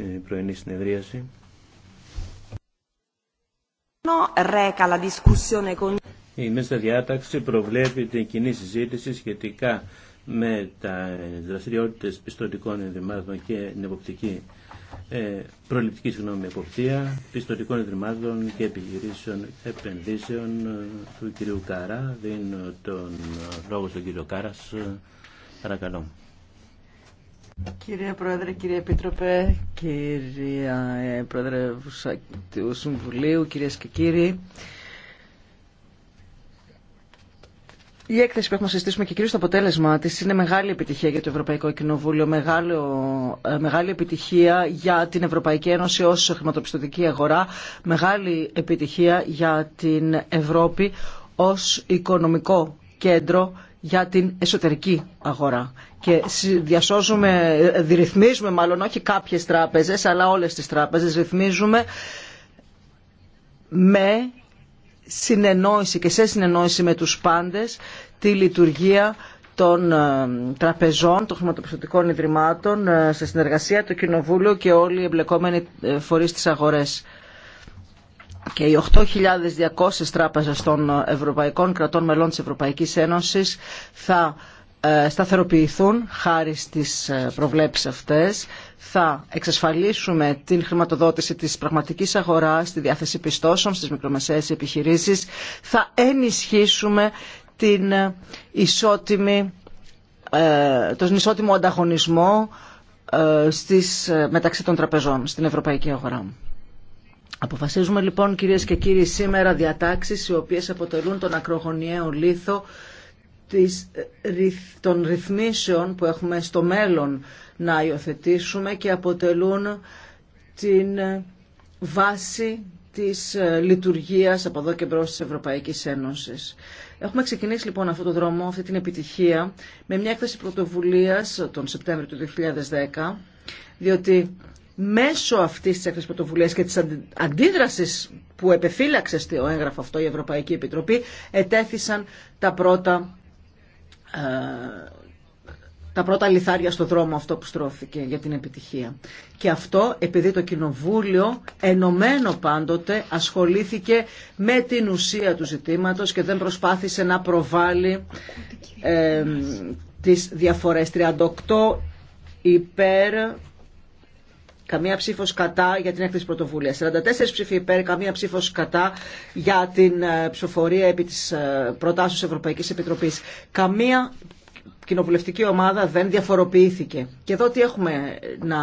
πρωινή συνεδρίαση. Η μέσα διάταξη προβλέπει την κοινή συζήτηση σχετικά με τα δραστηριότητε πιστοτικών ενδυμάτων και την εποπτική ε, προληπτική συγγνώμη εποπτεία πιστοτικών ενδυμάτων και επιχειρήσεων επενδύσεων ε, του κυρίου Κάρα. Δίνω τον ε, λόγο στον κύριο Κάρας. Παρακαλώ. Κύριε Πρόεδρε, κύριε Επίτροπε, κύριε Πρόεδρε του Συμβουλίου, κυρίες και κύριοι, Η έκθεση που έχουμε συζητήσει και κυρίω το αποτέλεσμά τη είναι μεγάλη επιτυχία για το Ευρωπαϊκό Κοινοβούλιο, μεγάλο, ε, μεγάλη επιτυχία για την Ευρωπαϊκή Ένωση ω χρηματοπιστωτική αγορά, μεγάλη επιτυχία για την Ευρώπη ω οικονομικό κέντρο για την εσωτερική αγορά. Και διασώζουμε, ε, ρυθμίζουμε μάλλον όχι κάποιες τράπεζες, αλλά όλες τις τράπεζες ρυθμίζουμε με συνεννόηση και σε συνεννόηση με τους πάντες τη λειτουργία των ε, τραπεζών, των χρηματοπιστωτικών ιδρυμάτων, ε, σε συνεργασία το Κοινοβούλιο και όλοι οι εμπλεκόμενοι φορείς της αγορές, και οι 8.200 τράπεζες των ευρωπαϊκών κρατών μελών της Ευρωπαϊκής Ένωσης θα ε, σταθεροποιηθούν χάρη στις ε, προβλέψεις αυτές. Θα εξασφαλίσουμε την χρηματοδότηση της πραγματικής αγοράς, τη διάθεση πιστώσεων στις μικρομεσαίες επιχειρήσεις. Θα ενισχύσουμε την ε, τον ισότιμο ανταγωνισμό στις, μεταξύ των τραπεζών στην ευρωπαϊκή αγορά. Αποφασίζουμε λοιπόν κυρίες και κύριοι σήμερα διατάξεις οι οποίες αποτελούν τον ακρογωνιαίο λίθο ε, των ρυθμίσεων που έχουμε στο μέλλον να υιοθετήσουμε και αποτελούν την ε, βάση της ε, λειτουργίας από εδώ και μπρος της Ευρωπαϊκής Ένωσης. Έχουμε ξεκινήσει λοιπόν αυτό το δρόμο, αυτή την επιτυχία, με μια έκθεση πρωτοβουλίας τον Σεπτέμβριο του 2010, διότι μέσω αυτής της έκθεση πρωτοβουλία και τη αντίδραση που επεφύλαξε στο έγγραφο αυτό η Ευρωπαϊκή Επιτροπή ετέθησαν τα πρώτα ε, τα πρώτα λιθάρια στο δρόμο αυτό που στρώθηκε για την επιτυχία. Και αυτό επειδή το Κοινοβούλιο, ενωμένο πάντοτε, ασχολήθηκε με την ουσία του ζητήματος και δεν προσπάθησε να προβάλλει ε, τις διαφορές. 38 υπέρ καμία ψήφος κατά για την έκθεση πρωτοβουλία. 44 ψήφοι υπέρ, καμία ψήφος κατά για την ε, ψηφοφορία επί της ε, προτάσεως Ευρωπαϊκής Επιτροπής. Καμία κοινοβουλευτική ομάδα δεν διαφοροποιήθηκε. Και εδώ τι έχουμε να,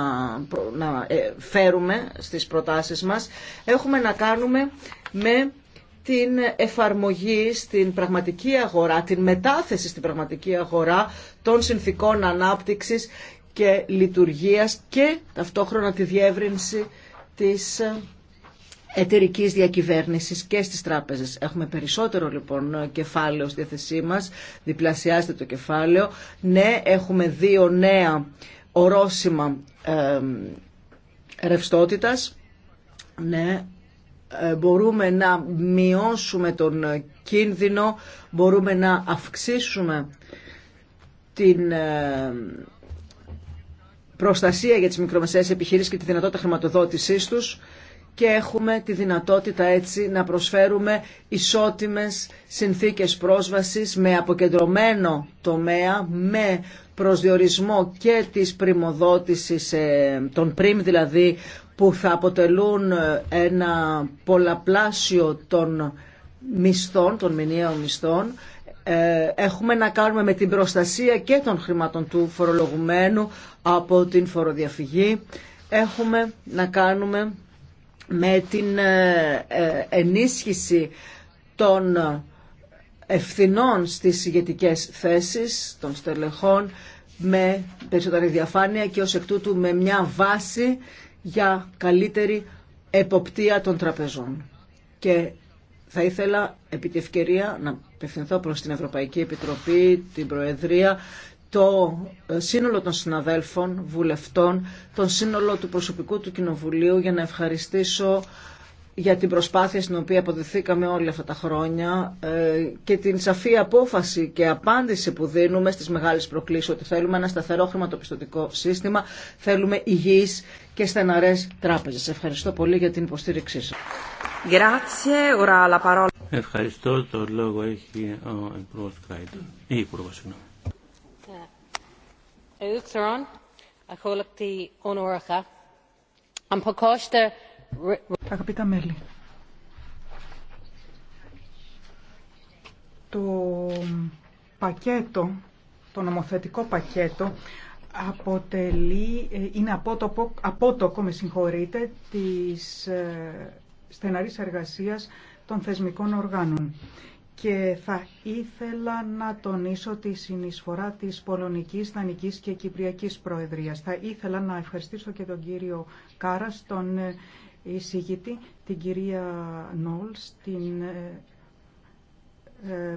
να ε, φέρουμε στις προτάσεις μας. Έχουμε να κάνουμε με την εφαρμογή στην πραγματική αγορά, την μετάθεση στην πραγματική αγορά των συνθήκων ανάπτυξης και λειτουργίας και ταυτόχρονα τη διεύρυνση της ε, εταιρική διακυβέρνησης και στις τράπεζες. Έχουμε περισσότερο λοιπόν κεφάλαιο στη θέση μα, διπλασιάζεται το κεφάλαιο. Ναι, έχουμε δύο νέα ορόσημα ε, ρευστότητα. Ναι, ε, μπορούμε να μειώσουμε τον κίνδυνο, μπορούμε να αυξήσουμε την. Ε, προστασία για τις μικρομεσαίες επιχειρήσεις και τη δυνατότητα χρηματοδότησής τους και έχουμε τη δυνατότητα έτσι να προσφέρουμε ισότιμες συνθήκες πρόσβασης με αποκεντρωμένο τομέα, με προσδιορισμό και της πριμοδότησης, ε, των πριμ δηλαδή, που θα αποτελούν ε, ένα πολλαπλάσιο των μισθών, των μηνιαίων μισθών, ε, έχουμε να κάνουμε με την προστασία και των χρημάτων του φορολογουμένου από την φοροδιαφυγή. Έχουμε να κάνουμε με την ε, ε, ενίσχυση των ευθυνών στις ηγετικέ θέσεις των στελεχών με περισσότερη διαφάνεια και ως εκ τούτου με μια βάση για καλύτερη εποπτεία των τραπεζών. Θα ήθελα επί τη ευκαιρία να απευθυνθώ προς την Ευρωπαϊκή Επιτροπή, την Προεδρία, το ε, σύνολο των συναδέλφων, βουλευτών, τον σύνολο του προσωπικού του Κοινοβουλίου για να ευχαριστήσω για την προσπάθεια στην οποία αποδεθήκαμε όλα αυτά τα χρόνια ε, και την σαφή απόφαση και απάντηση που δίνουμε στις μεγάλες προκλήσεις ότι θέλουμε ένα σταθερό χρηματοπιστωτικό σύστημα, θέλουμε υγιείς και στεναρές τράπεζες. Ευχαριστώ πολύ για την υποστήριξή σας. Ευχαριστώ. Το λόγο έχει ο Υπουργός Κάιτον. Ή Υπουργός, συγγνώμη. Ε, ε, Αγαπητά μέλη, το πακέτο, το νομοθετικό πακέτο αποτελεί, ε, είναι απότοπο, απότοκο, με συγχωρείτε, της ε, στεναρής εργασίας των θεσμικών οργάνων. Και θα ήθελα να τονίσω τη συνεισφορά της Πολωνικής, Δανικής και Κυπριακής Προεδρίας. Θα ήθελα να ευχαριστήσω και τον κύριο Κάρας, τον ε, εισηγητή, την κυρία Νόλς, την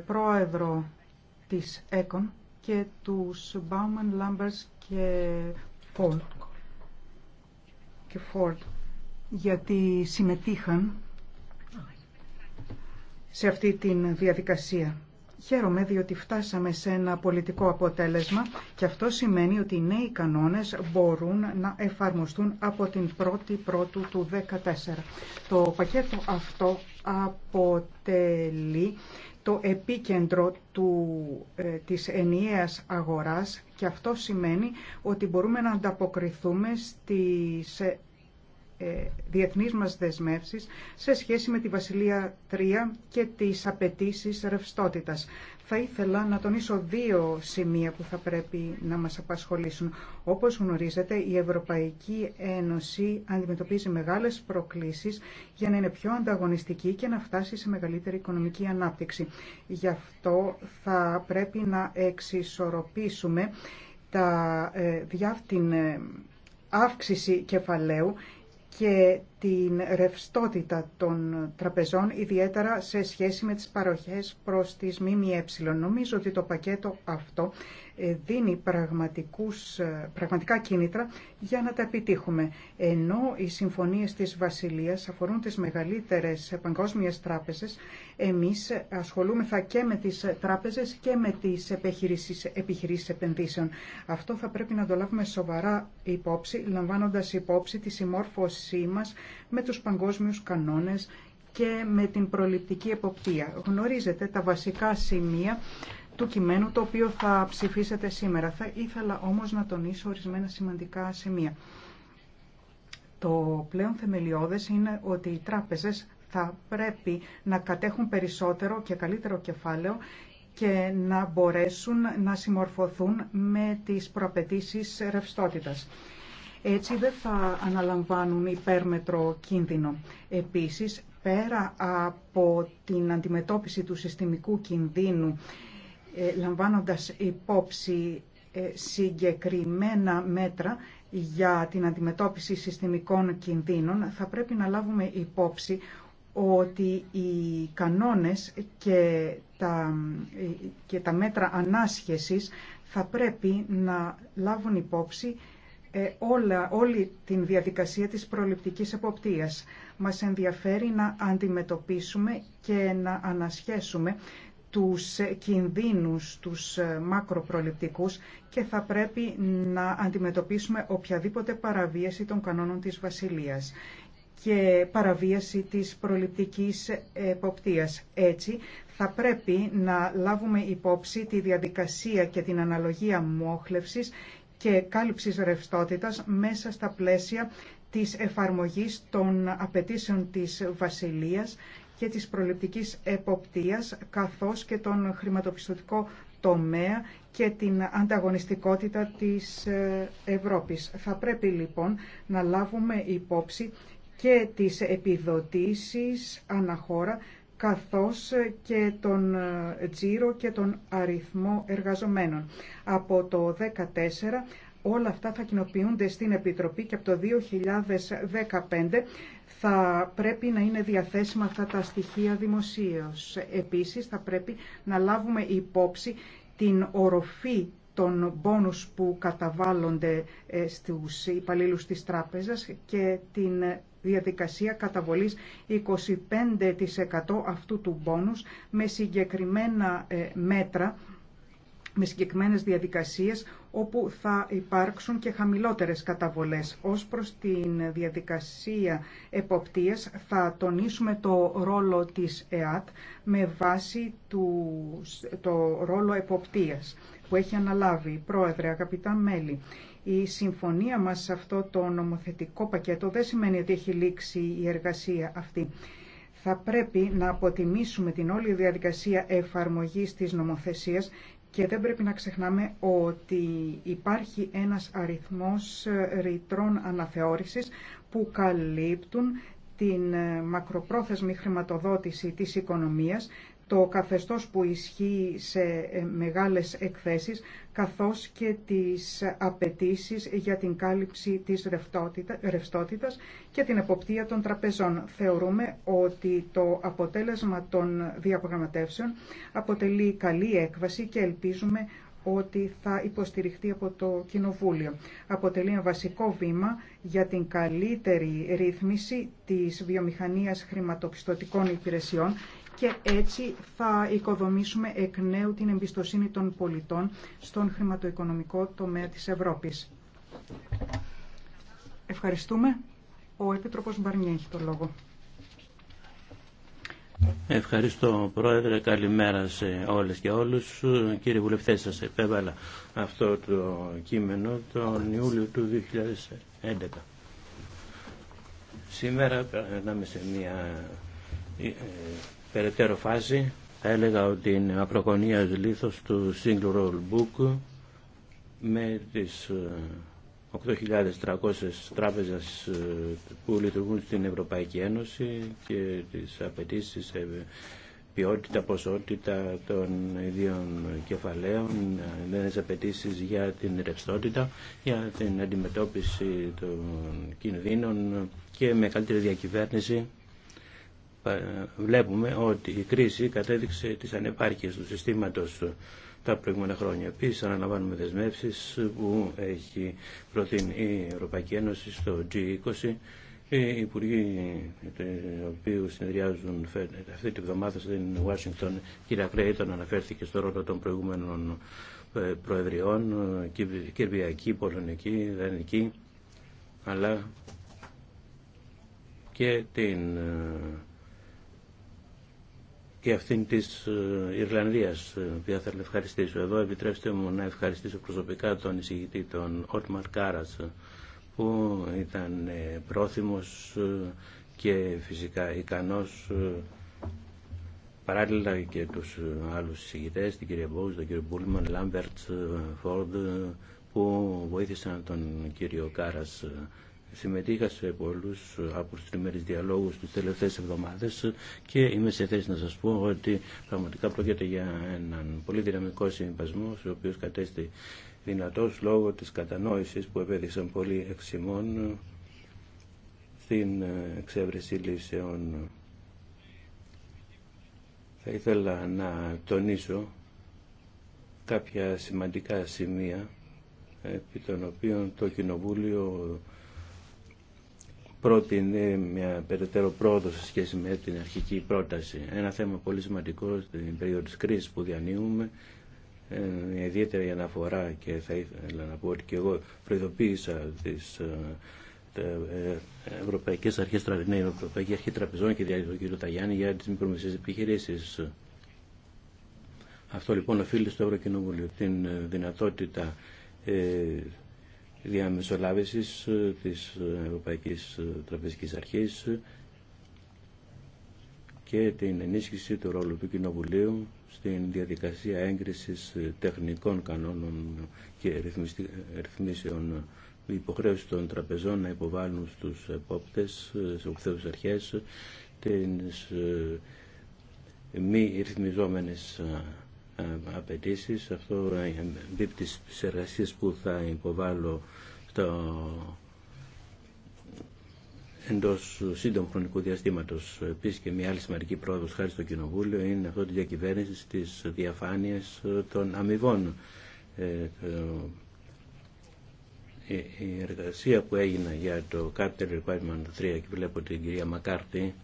πρόεδρο της ΕΚΟΝ, και τους Bauman, Lambers και Ford. Και Ford γιατί συμμετείχαν σε αυτή τη διαδικασία. Χαίρομαι διότι φτάσαμε σε ένα πολιτικό αποτέλεσμα και αυτό σημαίνει ότι οι νέοι κανόνες μπορούν να εφαρμοστούν από την 1η Πρώτου του 2014. Το πακέτο αυτό αποτελεί το επίκεντρο του, ε, της ενιαίας αγοράς και αυτό σημαίνει ότι μπορούμε να ανταποκριθούμε στις ε, ε, διεθνείς μας δεσμεύσεις σε σχέση με τη Βασιλεία 3 και τις απαιτήσει ρευστότητας θα ήθελα να τονίσω δύο σημεία που θα πρέπει να μας απασχολήσουν. Όπως γνωρίζετε, η Ευρωπαϊκή Ένωση αντιμετωπίζει μεγάλες προκλήσεις για να είναι πιο ανταγωνιστική και να φτάσει σε μεγαλύτερη οικονομική ανάπτυξη. Γι' αυτό θα πρέπει να εξισορροπήσουμε τα, ε, την ε, αύξηση κεφαλαίου και την ρευστότητα των τραπεζών, ιδιαίτερα σε σχέση με τις παροχές προς τις ΜΜΕ. Νομίζω ότι το πακέτο αυτό ε, δίνει πραγματικούς, ε, πραγματικά κίνητρα για να τα επιτύχουμε. Ενώ οι συμφωνίες της Βασιλείας αφορούν τις μεγαλύτερες παγκόσμιες τράπεζες, εμείς ασχολούμεθα και με τις τράπεζες και με τις επιχειρήσεις, επιχειρήσεις επενδύσεων. Αυτό θα πρέπει να το λάβουμε σοβαρά υπόψη, λαμβάνοντας υπόψη τη συμμόρφωσή μας με τους παγκόσμιους κανόνες και με την προληπτική εποπτεία. Γνωρίζετε τα βασικά σημεία του κειμένου το οποίο θα ψηφίσετε σήμερα. Θα ήθελα όμως να τονίσω ορισμένα σημαντικά σημεία. Το πλέον θεμελιώδες είναι ότι οι τράπεζες θα πρέπει να κατέχουν περισσότερο και καλύτερο κεφάλαιο και να μπορέσουν να συμμορφωθούν με τις προαπαιτήσεις ρευστότητας. Έτσι δεν θα αναλαμβάνουν υπέρμετρο κίνδυνο. Επίσης, πέρα από την αντιμετώπιση του συστημικού κινδύνου, ε, λαμβάνοντας υπόψη ε, συγκεκριμένα μέτρα για την αντιμετώπιση συστημικών κινδύνων, θα πρέπει να λάβουμε υπόψη ότι οι κανόνες και τα, ε, και τα μέτρα ανάσχεσης θα πρέπει να λάβουν υπόψη ε, όλα, όλη την διαδικασία της προληπτικής εποπτείας. Μας ενδιαφέρει να αντιμετωπίσουμε και να ανασχέσουμε τους κινδύνους, τους ε, μακροπροληπτικούς και θα πρέπει να αντιμετωπίσουμε οποιαδήποτε παραβίαση των κανόνων της Βασιλείας και παραβίαση της προληπτικής εποπτείας. Έτσι, θα πρέπει να λάβουμε υπόψη τη διαδικασία και την αναλογία μόχλευσης και κάλυψης ρευστότητας μέσα στα πλαίσια της εφαρμογής των απαιτήσεων της Βασιλείας και της προληπτικής εποπτείας καθώς και τον χρηματοπιστωτικό τομέα και την ανταγωνιστικότητα της ε, Ευρώπης. Θα πρέπει λοιπόν να λάβουμε υπόψη και τις επιδοτήσεις αναχώρα καθώς και τον ε, τζίρο και τον αριθμό εργαζομένων. Από το 2014 όλα αυτά θα κοινοποιούνται στην Επιτροπή και από το 2015 θα πρέπει να είναι διαθέσιμα αυτά τα στοιχεία δημοσίως. Επίσης θα πρέπει να λάβουμε υπόψη την οροφή των πόνους που καταβάλλονται ε, στους υπαλλήλους της τράπεζας και την διαδικασία καταβολής 25% αυτού του μπόνους με συγκεκριμένα ε, μέτρα, με συγκεκριμένες διαδικασίες όπου θα υπάρξουν και χαμηλότερες καταβολές. Ως προς την διαδικασία εποπτείας θα τονίσουμε το ρόλο της ΕΑΤ με βάση του, το ρόλο εποπτείας που έχει αναλάβει. η Πρόεδρε, αγαπητά μέλη, η συμφωνία μας σε αυτό το νομοθετικό πακέτο δεν σημαίνει ότι έχει λήξει η εργασία αυτή. Θα πρέπει να αποτιμήσουμε την όλη διαδικασία εφαρμογής της νομοθεσίας και δεν πρέπει να ξεχνάμε ότι υπάρχει ένας αριθμός ε, ρητρών αναθεώρησης που καλύπτουν την ε, μακροπρόθεσμη χρηματοδότηση της οικονομίας το καθεστώς που ισχύει σε ε, μεγάλες εκθέσεις, καθώς και τις απαιτήσει για την κάλυψη της ρευστότητας και την εποπτεία των τραπεζών. Θεωρούμε ότι το αποτέλεσμα των διαπραγματεύσεων αποτελεί καλή έκβαση και ελπίζουμε ότι θα υποστηριχτεί από το Κοινοβούλιο. Αποτελεί ένα βασικό βήμα για την καλύτερη ρύθμιση της βιομηχανίας χρηματοπιστωτικών υπηρεσιών και έτσι θα οικοδομήσουμε εκ νέου την εμπιστοσύνη των πολιτών στον χρηματοοικονομικό τομέα της Ευρώπης. Ευχαριστούμε. Ο Επίτροπος Μπαρνιέ έχει το λόγο. Ευχαριστώ Πρόεδρε, καλημέρα σε όλες και όλους. Κύριε Βουλευτέ, σας επέβαλα αυτό το κείμενο τον Ιούλιο του 2011. Σήμερα περνάμε σε μια ε, περαιτέρω φάση θα έλεγα ότι είναι ακροκονία λήθος του Single Roll Book με τις 8.300 ε, τράπεζες ε, που λειτουργούν στην Ευρωπαϊκή Ένωση και τις απαιτήσεις σε ποιότητα, ποσότητα των ιδίων κεφαλαίων, ε, νέες απαιτήσεις για την ρευστότητα, για την αντιμετώπιση των κινδύνων και με καλύτερη διακυβέρνηση βλέπουμε ότι η κρίση κατέδειξε τις ανεπάρκειες του συστήματος τα προηγούμενα χρόνια. Επίση, αναλαμβάνουμε δεσμεύσει που έχει προτείνει η Ευρωπαϊκή Ένωση στο G20. Οι υπουργοί, οι οποίοι συνεδριάζουν αυτή τη βδομάδα στην Ουάσιγκτον, κ. Κρέιτον, αναφέρθηκε στο ρόλο των προηγούμενων ε, προεδριών, κυρβιακή, πολωνική, δανική, αλλά και την ε, και αυτήν της ε, Ιρλανδίας, ε, που θα ευχαριστήσω. Εδώ επιτρέψτε μου να ευχαριστήσω προσωπικά τον εισηγητή, τον Ότμαρ Κάρας, ε, που ήταν πρόθυμο και φυσικά ικανό, παράλληλα και του άλλου εισηγητέ, την κυρία Μπόους, τον κύριο Μπούλμαν, Λάμπερτ, Φόρντ, που βοήθησαν τον κύριο Κάρας συμμετείχα σε πολλούς από τους τριμερείς διαλόγους του τελευταίες εβδομάδες και είμαι σε θέση να σας πω ότι πραγματικά πρόκειται για έναν πολύ δυναμικό συμβασμό ο οποίος κατέστη δυνατός λόγω της κατανόησης που επέδειξαν πολλοί εξημών στην εξέβρεση λύσεων. Θα ήθελα να τονίσω κάποια σημαντικά σημεία επί των οποίων το Κοινοβούλιο Πρώτη είναι μια περαιτέρω πρόοδο σε σχέση με την αρχική πρόταση. Ένα θέμα πολύ σημαντικό στην περίοδο της κρίσης που διανύουμε, ε, μια ιδιαίτερη αναφορά και θα ήθελα να πω ότι και εγώ προειδοποίησα τις ε, ε, Ευρωπαϊκές Αρχές, ναι, Ευρωπαϊκή Αρχή Τραπεζών και διάλογο του κ. Ταγιάννη για τις μικρομεσαίες επιχειρήσεις. Αυτό λοιπόν οφείλει στο Ευρωκοινοβούλιο την δυνατότητα διαμεσολάβησης ε, της ε, Ευρωπαϊκής ε, Τραπεζικής Αρχής και την ενίσχυση του ρόλου του Κοινοβουλίου στην διαδικασία έγκρισης τεχνικών κανόνων και ρυθμίσεων υποχρέωση των τραπεζών να υποβάλουν στους επόπτες, στους ουθέους αρχές, τις μη ρυθμιζόμενες ε, απαιτήσει. Αυτό εμπίπτει τη εργασίε που θα υποβάλω στο εντό σύντομου χρονικού διαστήματο. Επίση και μια άλλη σημαντική πρόοδο χάρη στο Κοινοβούλιο είναι αυτό τη διακυβέρνηση τη διαφάνεια των αμοιβών. Ε, η εργασία που έγινε για το Capital Requirement 3 και βλέπω την κυρία Μακάρτη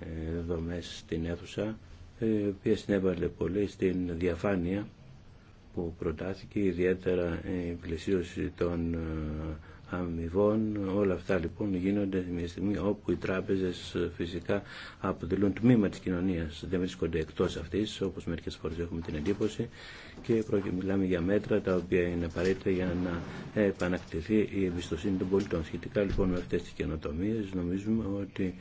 ε, εδώ μέσα στην αίθουσα η οποία συνέβαλε πολύ στην διαφάνεια που προτάθηκε, ιδιαίτερα η πλησίωση των ε, αμοιβών. Όλα αυτά λοιπόν γίνονται μια στιγμή όπου οι τράπεζες ε, φυσικά αποτελούν τμήμα της κοινωνίας. Δεν βρίσκονται εκτός αυτής, όπως μερικές φορές έχουμε την εντύπωση και μιλάμε για μέτρα τα οποία είναι απαραίτητα για να επανακτηθεί η εμπιστοσύνη των πολιτών. Σχετικά λοιπόν με αυτές τις καινοτομίες νομίζουμε ότι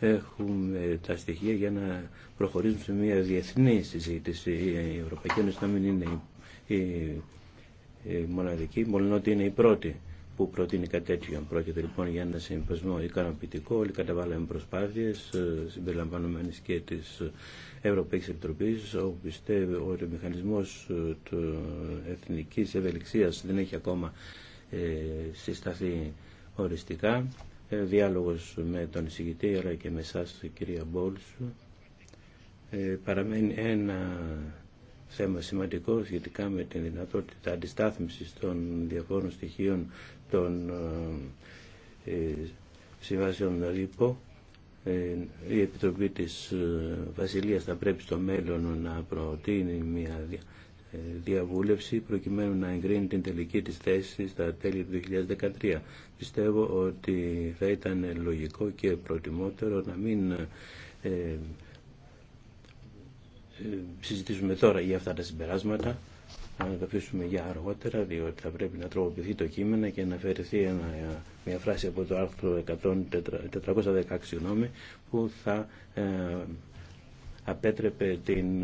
έχουμε τα στοιχεία για να προχωρήσουμε σε μια διεθνή συζήτηση. Η Ευρωπαϊκή Ένωση να μην είναι η, μοναδική, μόνο ότι είναι η πρώτη που προτείνει κάτι τέτοιο. Πρόκειται λοιπόν για ένα συμβασμό ικανοποιητικό. Όλοι καταβάλαμε προσπάθειε συμπεριλαμβανομένε και τη Ευρωπαϊκή Επιτροπή, όπου πιστεύω ότι ο μηχανισμό ε, εθνική ευελιξία δεν έχει ακόμα ε, συσταθεί οριστικά ε, διάλογος με τον εισηγητή αλλά και με εσάς κυρία Μπόλς ε, παραμένει ένα θέμα σημαντικό σχετικά με την δυνατότητα αντιστάθμισης των διαφόρων στοιχείων των ε, συμβάσεων ΛΥΠΟ η Επιτροπή της Βασιλείας θα πρέπει στο μέλλον να προτείνει μια διαβούλευση προκειμένου να εγκρίνει την τελική της θέση στα τέλη του 2013 πιστεύω ότι θα ήταν λογικό και προτιμότερο να μην ε, ε συζητήσουμε τώρα για αυτά τα συμπεράσματα, να τα αφήσουμε για αργότερα, διότι θα πρέπει να τροποποιηθεί το κείμενο και να αφαιρεθεί μια φράση από το άρθρο 416 γνώμη, που θα ε, απέτρεπε την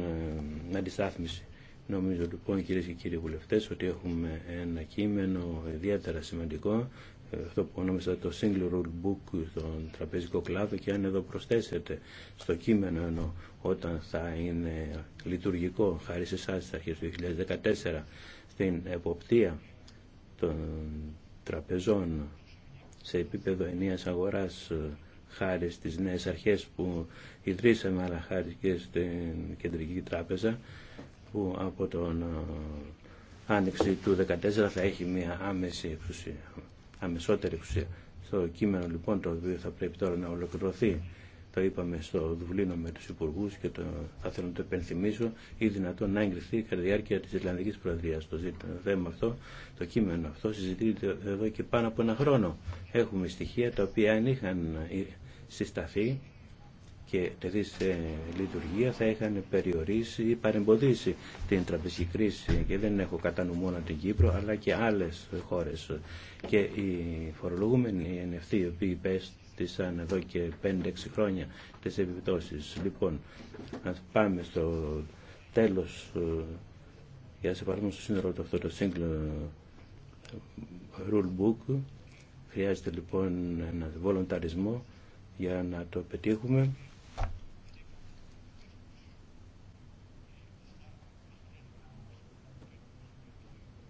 ε, αντιστάθμιση. Νομίζω λοιπόν κυρίες και κύριοι βουλευτές ότι έχουμε ένα κείμενο ιδιαίτερα σημαντικό ε, αυτό που ονόμασα το single rule book στον τραπεζικό κλάδο και αν εδώ προσθέσετε στο κείμενο ενώ όταν θα είναι λειτουργικό χάρη σε εσάς στις αρχές του 2014 στην εποπτεία των τραπεζών σε επίπεδο ενίας αγοράς ε, χάρη στις νέες αρχές που ιδρύσαμε αλλά χάρη και στην Κεντρική Τράπεζα που από τον ε, Άνοιξη του 2014 θα έχει μια άμεση εξουσία αμεσότερη εξουσία. Στο κείμενο λοιπόν το οποίο θα πρέπει τώρα να ολοκληρωθεί το είπαμε στο Δουβλίνο με τους υπουργού και το, θα θέλω να το επενθυμίσω ή δυνατόν να εγκριθεί κατά τη διάρκεια της Ιρλανδική Προεδρία Το θέμα αυτό, το κείμενο αυτό συζητείται εδώ και πάνω από ένα χρόνο. Έχουμε στοιχεία τα οποία αν είχαν ε, συσταθεί και τεθεί σε λειτουργία θα είχαν περιορίσει ή παρεμποδίσει την τραπεζική κρίση και δεν έχω κατά νου μόνο την Κύπρο αλλά και άλλες χώρες και οι φορολογούμενοι είναι αυτοί οι οποίοι πέστησαν εδώ και 5-6 χρόνια τις επιπτώσεις λοιπόν ας πάμε στο τέλος ε, για να σε στο σύνολο το αυτό το single ε, rule book χρειάζεται λοιπόν ένα βολονταρισμό για να το πετύχουμε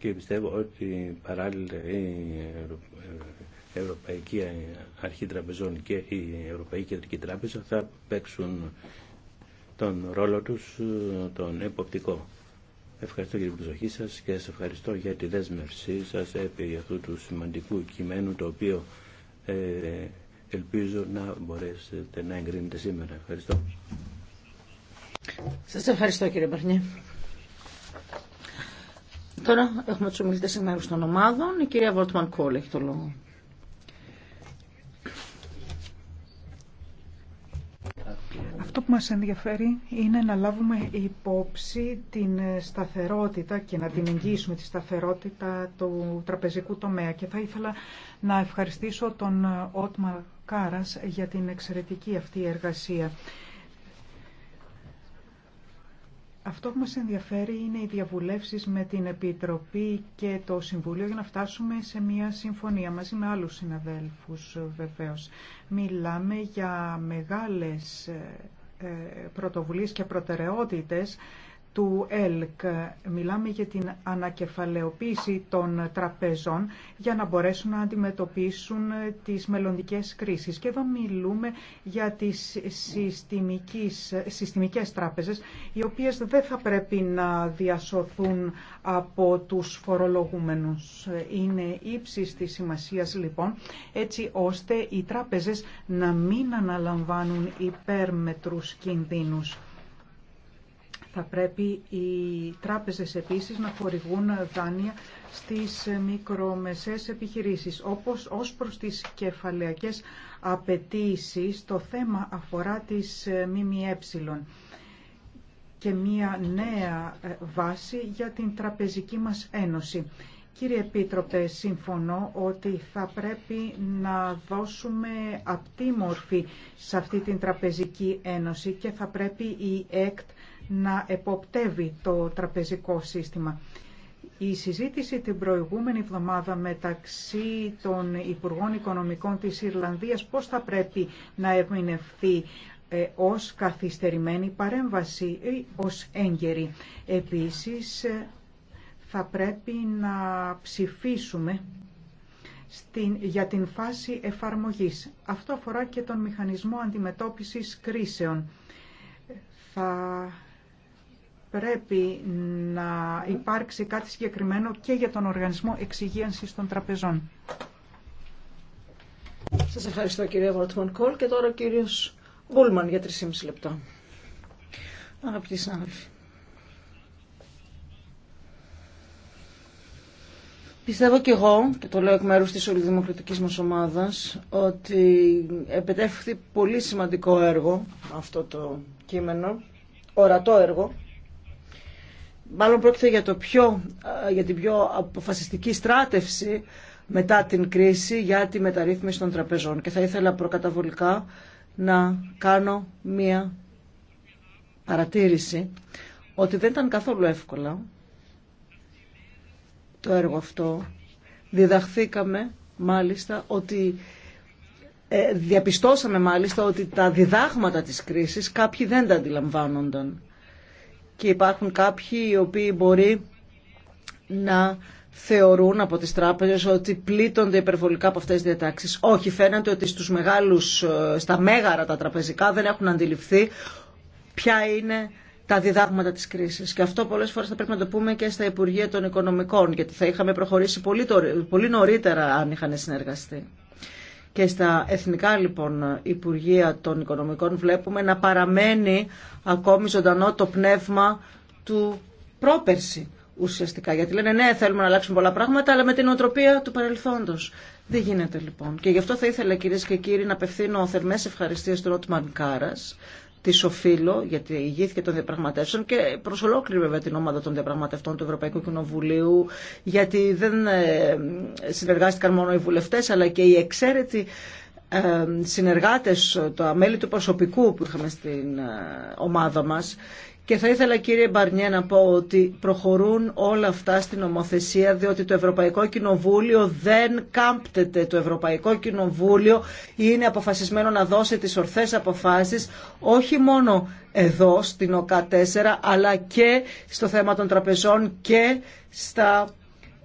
και πιστεύω ότι παράλληλα η ε, Ευρωπαϊκή Αρχή Τραπεζών και η Ευρωπαϊκή Κεντρική Τράπεζα θα παίξουν τον ρόλο τους, τον εποπτικό. Ευχαριστώ για την προσοχή σας και σας ευχαριστώ για τη δέσμευσή σας επί αυτού του σημαντικού κειμένου το οποίο ε, ελπίζω να μπορέσετε να εγκρίνετε σήμερα. Ευχαριστώ. Σας ευχαριστώ κύριε Μπαρνιέ. Τώρα έχουμε τους ομιλητές εκ μέρους των ομάδων. Η κυρία Βόρτμαν Κόλ έχει το λόγο. Αυτό που μας ενδιαφέρει είναι να λάβουμε υπόψη την σταθερότητα και να την εγγύσουμε τη σταθερότητα του τραπεζικού τομέα. Και θα ήθελα να ευχαριστήσω τον Ότμα Κάρας για την εξαιρετική αυτή εργασία. Αυτό που μας ενδιαφέρει είναι οι διαβουλεύσεις με την Επιτροπή και το Συμβούλιο για να φτάσουμε σε μια συμφωνία μαζί με άλλους συναδέλφους βεβαίως. Μιλάμε για μεγάλες ε, ε, πρωτοβουλίες και προτεραιότητες του ΕΛΚ. Μιλάμε για την ανακεφαλαιοποίηση των τραπεζών για να μπορέσουν να αντιμετωπίσουν τις μελλοντικές κρίσεις. Και εδώ μιλούμε για τις συστημικές, συστημικές τράπεζες, οι οποίες δεν θα πρέπει να διασωθούν από τους φορολογούμενους. Είναι ύψη της σημασίας λοιπόν, έτσι ώστε οι τράπεζες να μην αναλαμβάνουν υπέρμετρους κινδύνους θα πρέπει οι τράπεζες επίσης να χορηγούν δάνεια στις μικρομεσαίες επιχειρήσεις. Όπως ως προς τις κεφαλαιακές απαιτήσεις το θέμα αφορά τις ΜΜΕ και μία νέα βάση για την τραπεζική μας ένωση. Κύριε Επίτροπε, συμφωνώ ότι θα πρέπει να δώσουμε απτή μορφή σε αυτή την τραπεζική ένωση και θα πρέπει η ΕΚΤ να εποπτεύει το τραπεζικό σύστημα. Η συζήτηση την προηγούμενη εβδομάδα μεταξύ των Υπουργών Οικονομικών της Ιρλανδίας πώς θα πρέπει να ερμηνευθεί ε, ως καθυστερημένη παρέμβαση ή ως έγκαιρη. Επίσης, ε, θα πρέπει να ψηφίσουμε στην, για την φάση εφαρμογής. Αυτό αφορά και τον μηχανισμό αντιμετώπισης κρίσεων. Θα πρέπει να υπάρξει κάτι συγκεκριμένο και για τον Οργανισμό Εξυγίανσης των Τραπεζών. Σας ευχαριστώ κύριε Βορτμαν Κόλ και τώρα ο κύριος Γκούλμαν για 3,5 λεπτά. Αγαπητοί συνάδελφοι. Πιστεύω και εγώ, και το λέω εκ μέρους της ολυδημοκρατικής μας ομάδας, ότι επετεύχθη πολύ σημαντικό έργο αυτό το κείμενο, ορατό έργο, μάλλον πρόκειται για, το πιο, ε, για την πιο αποφασιστική στράτευση μετά την κρίση για τη μεταρρύθμιση των τραπεζών. Και θα ήθελα προκαταβολικά να κάνω μία παρατήρηση ότι δεν ήταν καθόλου εύκολα το έργο αυτό. Διδαχθήκαμε μάλιστα ότι ε, διαπιστώσαμε μάλιστα ότι τα διδάγματα της κρίσης κάποιοι δεν τα αντιλαμβάνονταν και υπάρχουν κάποιοι οι οποίοι μπορεί να θεωρούν από τις τράπεζες ότι πλήττονται υπερβολικά από αυτές τις διατάξεις. Όχι, φαίνεται ότι στους μεγάλους, στα μέγαρα τα τραπεζικά δεν έχουν αντιληφθεί ποια είναι τα διδάγματα της κρίσης. Και αυτό πολλές φορές θα πρέπει να το πούμε και στα Υπουργεία των Οικονομικών, γιατί θα είχαμε προχωρήσει πολύ, πολύ νωρίτερα αν είχαν συνεργαστεί. Και στα εθνικά λοιπόν Υπουργεία των Οικονομικών βλέπουμε να παραμένει ακόμη ζωντανό το πνεύμα του πρόπερση ουσιαστικά. Γιατί λένε ναι θέλουμε να αλλάξουμε πολλά πράγματα αλλά με την οτροπία του παρελθόντος. Δεν γίνεται λοιπόν. Και γι' αυτό θα ήθελα κυρίε και κύριοι να απευθύνω θερμές ευχαριστίες του Ρότμαν Κάρα τη οφείλω, γιατί ηγήθηκε των διαπραγματεύσεων και προ ολόκληρη βέβαια την ομάδα των διαπραγματευτών του Ευρωπαϊκού Κοινοβουλίου, γιατί δεν ε, συνεργάστηκαν μόνο οι βουλευτέ, αλλά και οι εξαίρετοι ε, συνεργάτες, τα μέλη του προσωπικού που είχαμε στην ε, ομάδα μας και θα ήθελα κύριε Μπαρνιέ να πω ότι προχωρούν όλα αυτά στην νομοθεσία διότι το Ευρωπαϊκό Κοινοβούλιο δεν κάμπτεται. Το Ευρωπαϊκό Κοινοβούλιο είναι αποφασισμένο να δώσει τις ορθές αποφάσεις όχι μόνο εδώ στην ΟΚΑ 4 αλλά και στο θέμα των τραπεζών και στα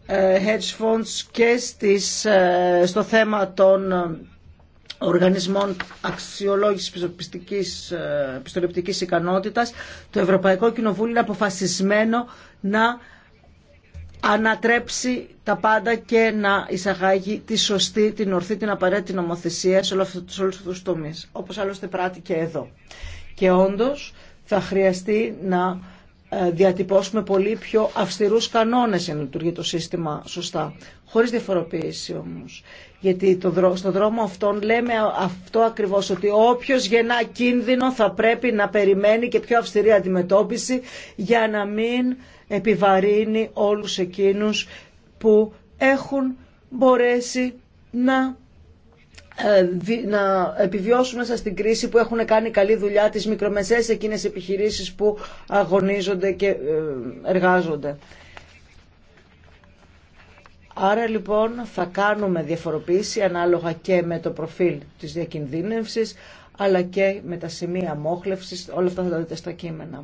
ε, hedge funds και στις, ε, στο θέμα των οργανισμών αξιολόγησης ε, πιστοληπτικής, ικανότητα, ικανότητας, το Ευρωπαϊκό Κοινοβούλιο είναι αποφασισμένο να ανατρέψει τα πάντα και να εισαγάγει τη σωστή, την ορθή, την απαραίτητη νομοθεσία σε όλους αυτούς τους τομείς, όπως άλλωστε πράττει και εδώ. Και όντως θα χρειαστεί να ε, διατυπώσουμε πολύ πιο αυστηρούς κανόνες για να λειτουργεί το σύστημα σωστά. Χωρίς διαφοροποίηση όμως. Γιατί το, στον δρόμο αυτόν λέμε αυτό ακριβώς ότι όποιος γεννά κίνδυνο θα πρέπει να περιμένει και πιο αυστηρή αντιμετώπιση για να μην επιβαρύνει όλους εκείνους που έχουν μπορέσει να ε, να επιβιώσουμε μέσα στην κρίση που έχουν κάνει καλή δουλειά τις μικρομεσαίες εκείνες επιχειρήσεις που αγωνίζονται και ε, εργάζονται. Άρα λοιπόν θα κάνουμε διαφοροποίηση ανάλογα και με το προφίλ της διακινδύνευσης αλλά και με τα σημεία μόχλευσης, όλα αυτά θα τα δείτε στα κείμενα.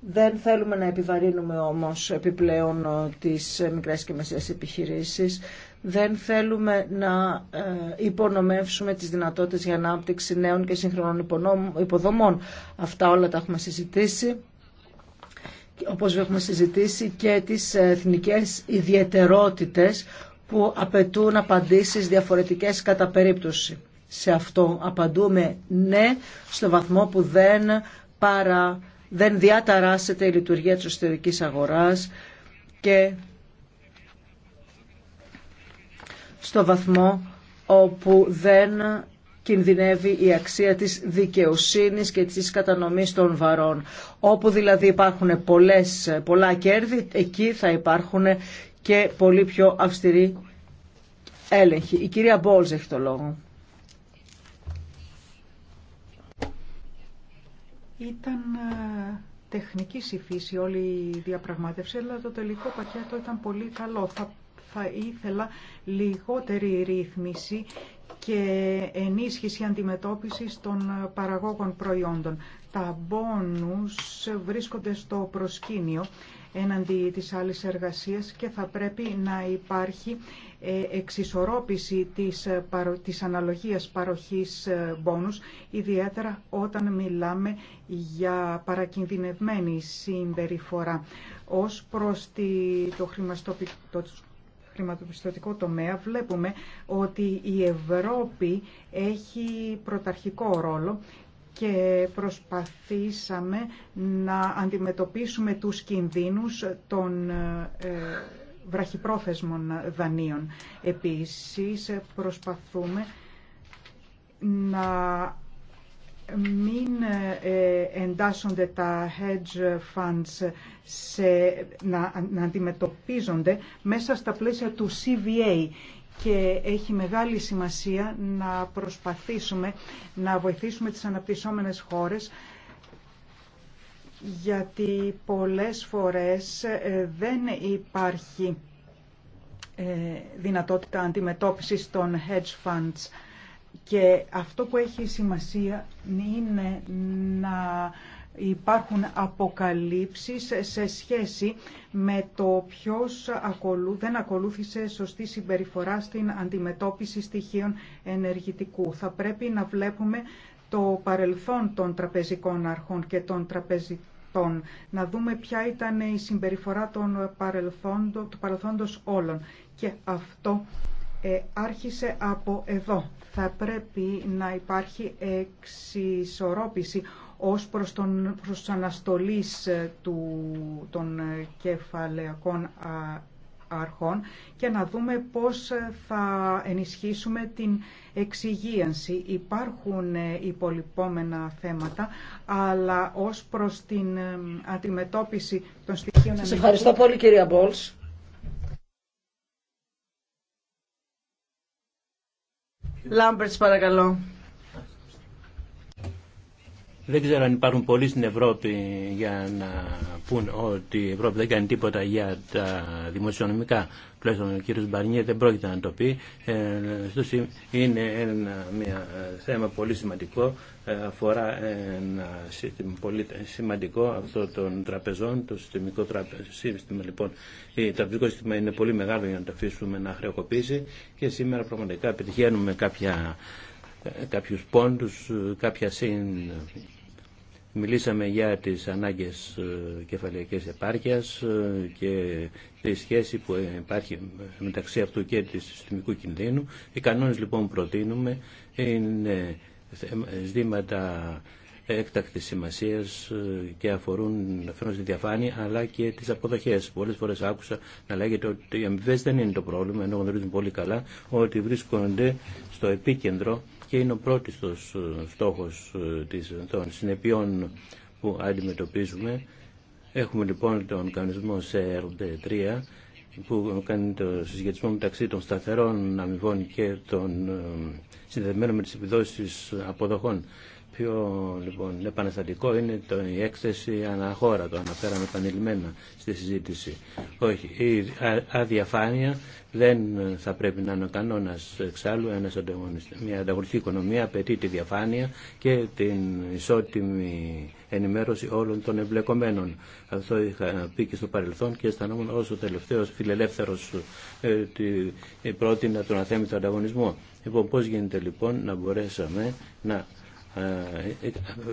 Δεν θέλουμε να επιβαρύνουμε όμως επιπλέον ε, τις μικρές και μεσαίες επιχειρήσεις δεν θέλουμε να ε, υπονομεύσουμε τις δυνατότητες για ανάπτυξη νέων και σύγχρονων υποδομών. Αυτά όλα τα έχουμε συζητήσει όπως έχουμε συζητήσει και τις εθνικές ιδιαιτερότητες που απαιτούν απαντήσεις διαφορετικές κατά περίπτωση. Σε αυτό απαντούμε ναι στο βαθμό που δεν, παρα, δεν διαταράσσεται η λειτουργία της εσωτερικής αγοράς και στο βαθμό όπου δεν κινδυνεύει η αξία της δικαιοσύνης και της κατανομής των βαρών. Όπου δηλαδή υπάρχουν πολλές, πολλά κέρδη, εκεί θα υπάρχουν και πολύ πιο αυστηροί έλεγχοι. Η κυρία Μπόλζ έχει το λόγο. Ήταν τεχνική η φύση όλη η διαπραγμάτευση, αλλά το τελικό πακέτο ήταν πολύ καλό. Θα θα ήθελα λιγότερη ρύθμιση και ενίσχυση αντιμετώπισης των παραγόγων προϊόντων. Τα μπόνους βρίσκονται στο προσκήνιο έναντι της άλλης εργασίας και θα πρέπει να υπάρχει ε, εξισορρόπηση της, ε, της αναλογίας παροχής μπόνους, ε, ιδιαίτερα όταν μιλάμε για παρακινδυνευμένη συμπεριφορά. Ως προς το χρηματοπιστωτικό τομέα βλέπουμε ότι η Ευρώπη έχει πρωταρχικό ρόλο και προσπαθήσαμε να αντιμετωπίσουμε τους κινδύνους των ε, βραχυπρόθεσμων δανείων. Επίσης προσπαθούμε να μην ε, εντάσσονται τα hedge funds σε, να, να αντιμετωπίζονται μέσα στα πλαίσια του CVA και έχει μεγάλη σημασία να προσπαθήσουμε να βοηθήσουμε τις αναπτυσσόμενες χώρες γιατί πολλές φορές ε, δεν υπάρχει ε, δυνατότητα αντιμετώπισης των hedge funds. Και αυτό που έχει σημασία είναι να υπάρχουν αποκαλύψεις σε σχέση με το ποιος ακολού, δεν ακολούθησε σωστή συμπεριφορά στην αντιμετώπιση στοιχείων ενεργητικού. Θα πρέπει να βλέπουμε το παρελθόν των τραπεζικών αρχών και των τραπεζιτών. Να δούμε ποια ήταν η συμπεριφορά των παρελθόντο, του παρελθόντος όλων. Και αυτό ε, άρχισε από εδώ θα πρέπει να υπάρχει εξισορρόπηση ως προς, τον, προς αναστολής ε, του, των ε, κεφαλαιακών αρχών και να δούμε πώς ε, θα ενισχύσουμε την εξυγίανση. Υπάρχουν υπολοιπόμενα θέματα, αλλά ως προς την αντιμετώπιση των στοιχείων... Σας ευχαριστώ πολύ κυρία Μπόλς. Λάμπερτς παρακαλώ. Δεν ξέρω αν υπάρχουν πολλοί στην Ευρώπη για να πούν ότι η Ευρώπη δεν κάνει τίποτα για τα δημοσιονομικά. Τουλάχιστον ο κ. Μπαρνιέ δεν πρόκειται να το πει. Ε, είναι ένα μια ε, θέμα πολύ σημαντικό. Ε, αφορά ένα σύστημα πολύ σημαντικό αυτό των τραπεζών, το συστημικό τραπεζ, σύστημα. Λοιπόν, το τραπεζικό σύστημα είναι πολύ μεγάλο για να το αφήσουμε να χρεοκοπήσει και σήμερα πραγματικά επιτυχαίνουμε κάποια κάποιους πόντους, κάποια συν Μιλήσαμε για τις ανάγκες ε, κεφαλαϊκής επάρκειας ε, και τη σχέση που υπάρχει μεταξύ αυτού και της συστημικού κινδύνου. Οι κανόνες λοιπόν που προτείνουμε είναι ζήματα έκτακτης σημασίας ε, και αφορούν να τη διαφάνεια αλλά και τις αποδοχές. Πολλές φορές άκουσα να λέγεται ότι οι αμοιβές δεν είναι το πρόβλημα ενώ γνωρίζουν πολύ καλά ότι βρίσκονται στο επίκεντρο και είναι ο πρώτιστος ε, στόχος ε, των συνεπειών που αντιμετωπίζουμε. Έχουμε λοιπόν τον κανονισμό σε 3 που κάνει το συσχετισμό μεταξύ των σταθερών αμοιβών και των ε, συνδεδεμένων με τις επιδόσεις αποδοχών πιο λοιπόν επαναστατικό είναι το, η έκθεση αναχώρα, το αναφέραμε επανειλημμένα στη συζήτηση. Όχι, η αδιαφάνεια δεν θα πρέπει να είναι ο κανόνα εξάλλου ένας Μια ανταγωνιστική οικονομία απαιτεί τη διαφάνεια και την ισότιμη ενημέρωση όλων των εμπλεκομένων. Αυτό είχα πει και στο παρελθόν και αισθανόμουν όσο τελευταίο φιλελεύθερος ε, ε, πρότεινα τον αθέμητο ανταγωνισμό. Λοιπόν, πώς γίνεται λοιπόν να μπορέσαμε να ε,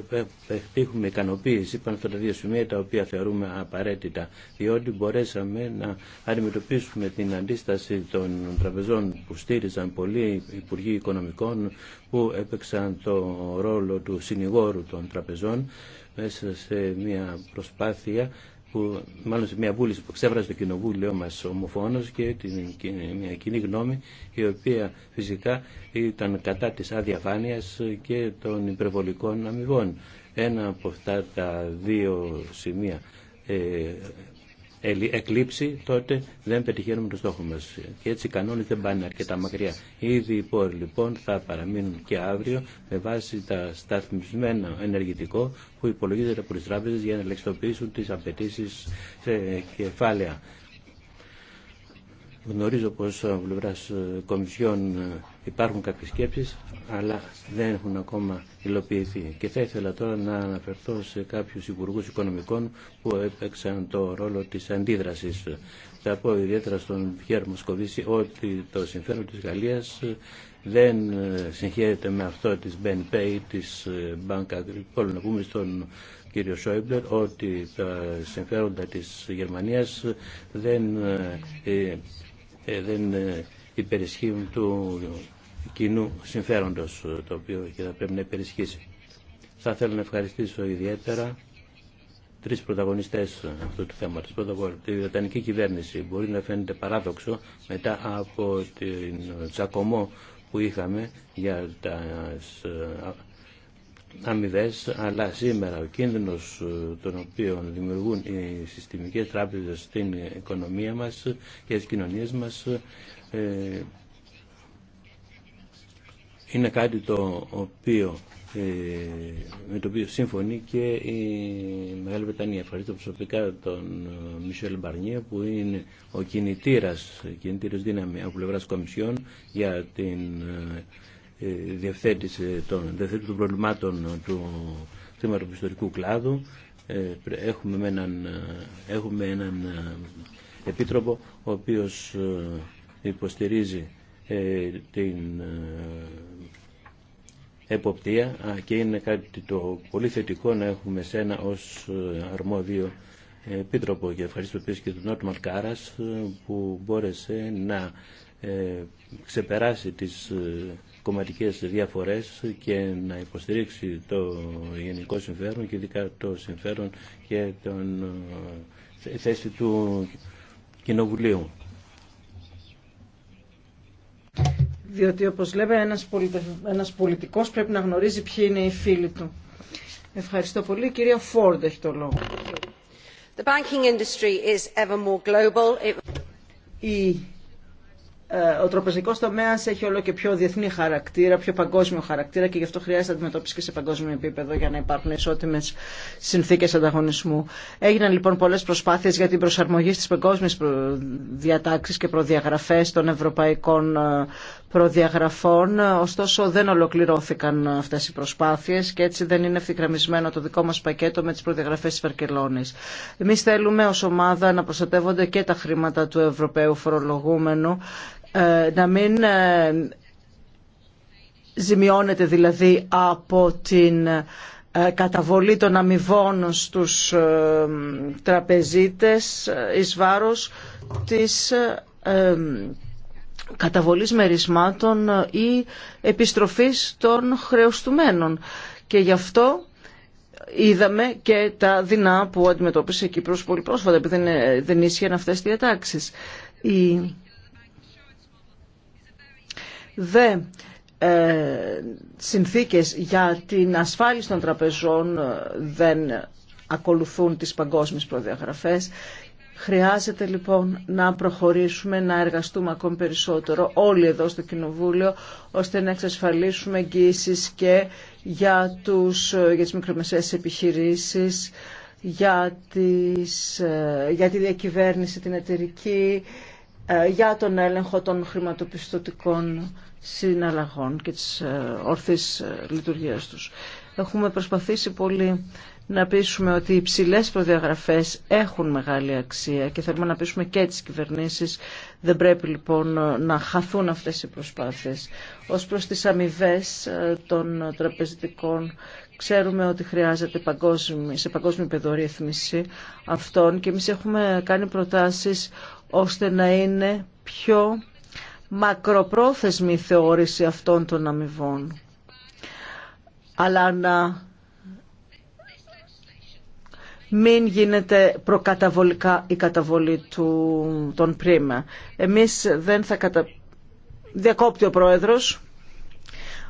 ε, ε, έχουμε ικανοποίηση πάνω στα δύο σημεία τα οποία θεωρούμε απαραίτητα διότι μπορέσαμε να αντιμετωπίσουμε την αντίσταση των τραπεζών που στήριζαν πολλοί υπουργοί οικονομικών που έπαιξαν το ρόλο του συνηγόρου των τραπεζών μέσα σε μια προσπάθεια που, μάλλον σε μια βούληση που ξέφρασε το κοινοβούλιο μας Ομοφόνο και την, μια κοινή γνώμη η οποία φυσικά ήταν κατά της αδιαφάνεια και των υπερβολικών αμοιβών. Ένα από αυτά τα δύο σημεία ε, εκλείψει, τότε δεν πετυχαίνουμε το στόχο μας Και έτσι οι κανόνε δεν πάνε αρκετά μακριά. Ήδη οι πόροι λοιπόν θα παραμείνουν και αύριο με βάση τα σταθμισμένα ενεργητικό που υπολογίζεται από τις τράπεζε για να ελεξιτοποιήσουν τις απαιτήσει σε κεφάλαια. Γνωρίζω πως από πλευρά ε, Κομισιόν ε, υπάρχουν κάποιες σκέψεις, αλλά δεν έχουν ακόμα υλοποιηθεί. Και θα ήθελα τώρα να αναφερθώ σε κάποιους υπουργού οικονομικών που έπαιξαν το ρόλο της αντίδρασης. Θα πω ιδιαίτερα στον Πιέρ Μοσκοβίση ότι το συμφέρον της Γαλλίας ε, δεν συγχαίρεται με αυτό της Μπεν Πέι, της Bank Agricole. Να πούμε στον κύριο Σόιμπλερ ότι τα συμφέροντα της Γερμανίας δεν ε, δεν ε, υπερισχύουν του κοινού συμφέροντος ε, το οποίο και θα πρέπει να υπερισχύσει. Θα θέλω να ευχαριστήσω ιδιαίτερα τρεις πρωταγωνιστές αυτού του θέματος. Πρώτα απ' όλα, τη Βρετανική κυβέρνηση μπορεί να φαίνεται παράδοξο μετά από την τσακωμό που είχαμε για τα αμοιβές, αλλά σήμερα ο κίνδυνος ε, τον οποίο δημιουργούν οι συστημικές τράπεζες στην οικονομία μας και στις κοινωνίες μας ε, είναι κάτι το οποίο ε, με το οποίο συμφωνεί και η Μεγάλη Βρετανία. Ευχαριστώ προσωπικά τον Μισελ Μπαρνιέ που είναι ο κινητήρας, κινητήρας δύναμη από πλευράς Κομισιόν για την ε, διευθέτηση των, των προβλημάτων του ιστορικού κλάδου. Ε, ε, έχουμε έναν, έχουμε έναν επίτροπο ο οποίος υποστηρίζει την εποπτεία και είναι κάτι το πολύ θετικό να έχουμε σένα ως αρμόδιο επίτροπο και ευχαριστώ επίσης και τον Νότ Κάρας που μπόρεσε να ξεπεράσει τις κομματικές διαφορές και να υποστηρίξει το γενικό συμφέρον και ειδικά το συμφέρον και την ε, θέση του Κοινοβουλίου. Διότι όπως λέμε ένας, πολιτικό πολιτικός πρέπει να γνωρίζει ποιοι είναι οι φίλοι του. Ευχαριστώ πολύ. Η κυρία Φόρντ έχει το λόγο. Ε, ο τραπεζικό τομέα έχει όλο και πιο διεθνή χαρακτήρα, πιο παγκόσμιο χαρακτήρα και γι' αυτό χρειάζεται αντιμετώπιση και σε παγκόσμιο επίπεδο για να υπάρχουν ισότιμε συνθήκε ανταγωνισμού. Έγιναν λοιπόν πολλέ προσπάθειε για την προσαρμογή στι παγκόσμιε διατάξει και προδιαγραφέ των ευρωπαϊκών ε, προδιαγραφών, ωστόσο δεν ολοκληρώθηκαν αυτές οι προσπάθειες και έτσι δεν είναι ευθυγραμμισμένο το δικό μας πακέτο με τις προδιαγραφές της Βαρκελόνης. Εμείς θέλουμε ως ομάδα να προστατεύονται και τα χρήματα του Ευρωπαίου φορολογούμενου, ε, να μην ε, ζημιώνεται δηλαδή από την ε, καταβολή των αμοιβών στους τραπεζίτες εις βάρος της καταβολής μερισμάτων ή επιστροφής των χρεωστουμένων. Και γι' αυτό είδαμε και τα δεινά που αντιμετώπισε η Κύπρος πολύ πρόσφατα, επειδή δεν, δεν ίσχυαν αυτές οι διατάξεις. Η... Δε ε, συνθήκες για την ασφάλιση των τραπεζών ε, δεν ακολουθούν τις παγκόσμιες προδιαγραφές Χρειάζεται λοιπόν να προχωρήσουμε, να εργαστούμε ακόμη περισσότερο όλοι εδώ στο Κοινοβούλιο, ώστε να εξασφαλίσουμε εγγύησεις και για, τους, για τις μικρομεσαίες επιχειρήσεις, για, τις, ε, για τη διακυβέρνηση, την εταιρική, ε, για τον έλεγχο των χρηματοπιστωτικών συναλλαγών και της ε, ορθής λειτουργίας τους. Έχουμε προσπαθήσει πολύ να πείσουμε ότι οι υψηλέ προδιαγραφές έχουν μεγάλη αξία και θέλουμε να πείσουμε και τι κυβερνήσει. Δεν πρέπει λοιπόν να χαθούν αυτές οι προσπάθειε. Ω προς τις αμοιβέ ε, των τραπεζιτικών Ξέρουμε ότι χρειάζεται παγκόσμι, σε παγκόσμιο επίπεδο αυτών και εμεί έχουμε κάνει προτάσεις ώστε να είναι πιο μακροπρόθεσμη η θεώρηση αυτών των αμοιβών αλλά να μην γίνεται προκαταβολικά η καταβολή του, των πρίμα. Εμείς δεν θα κατα... Διακόπτει ο Πρόεδρος.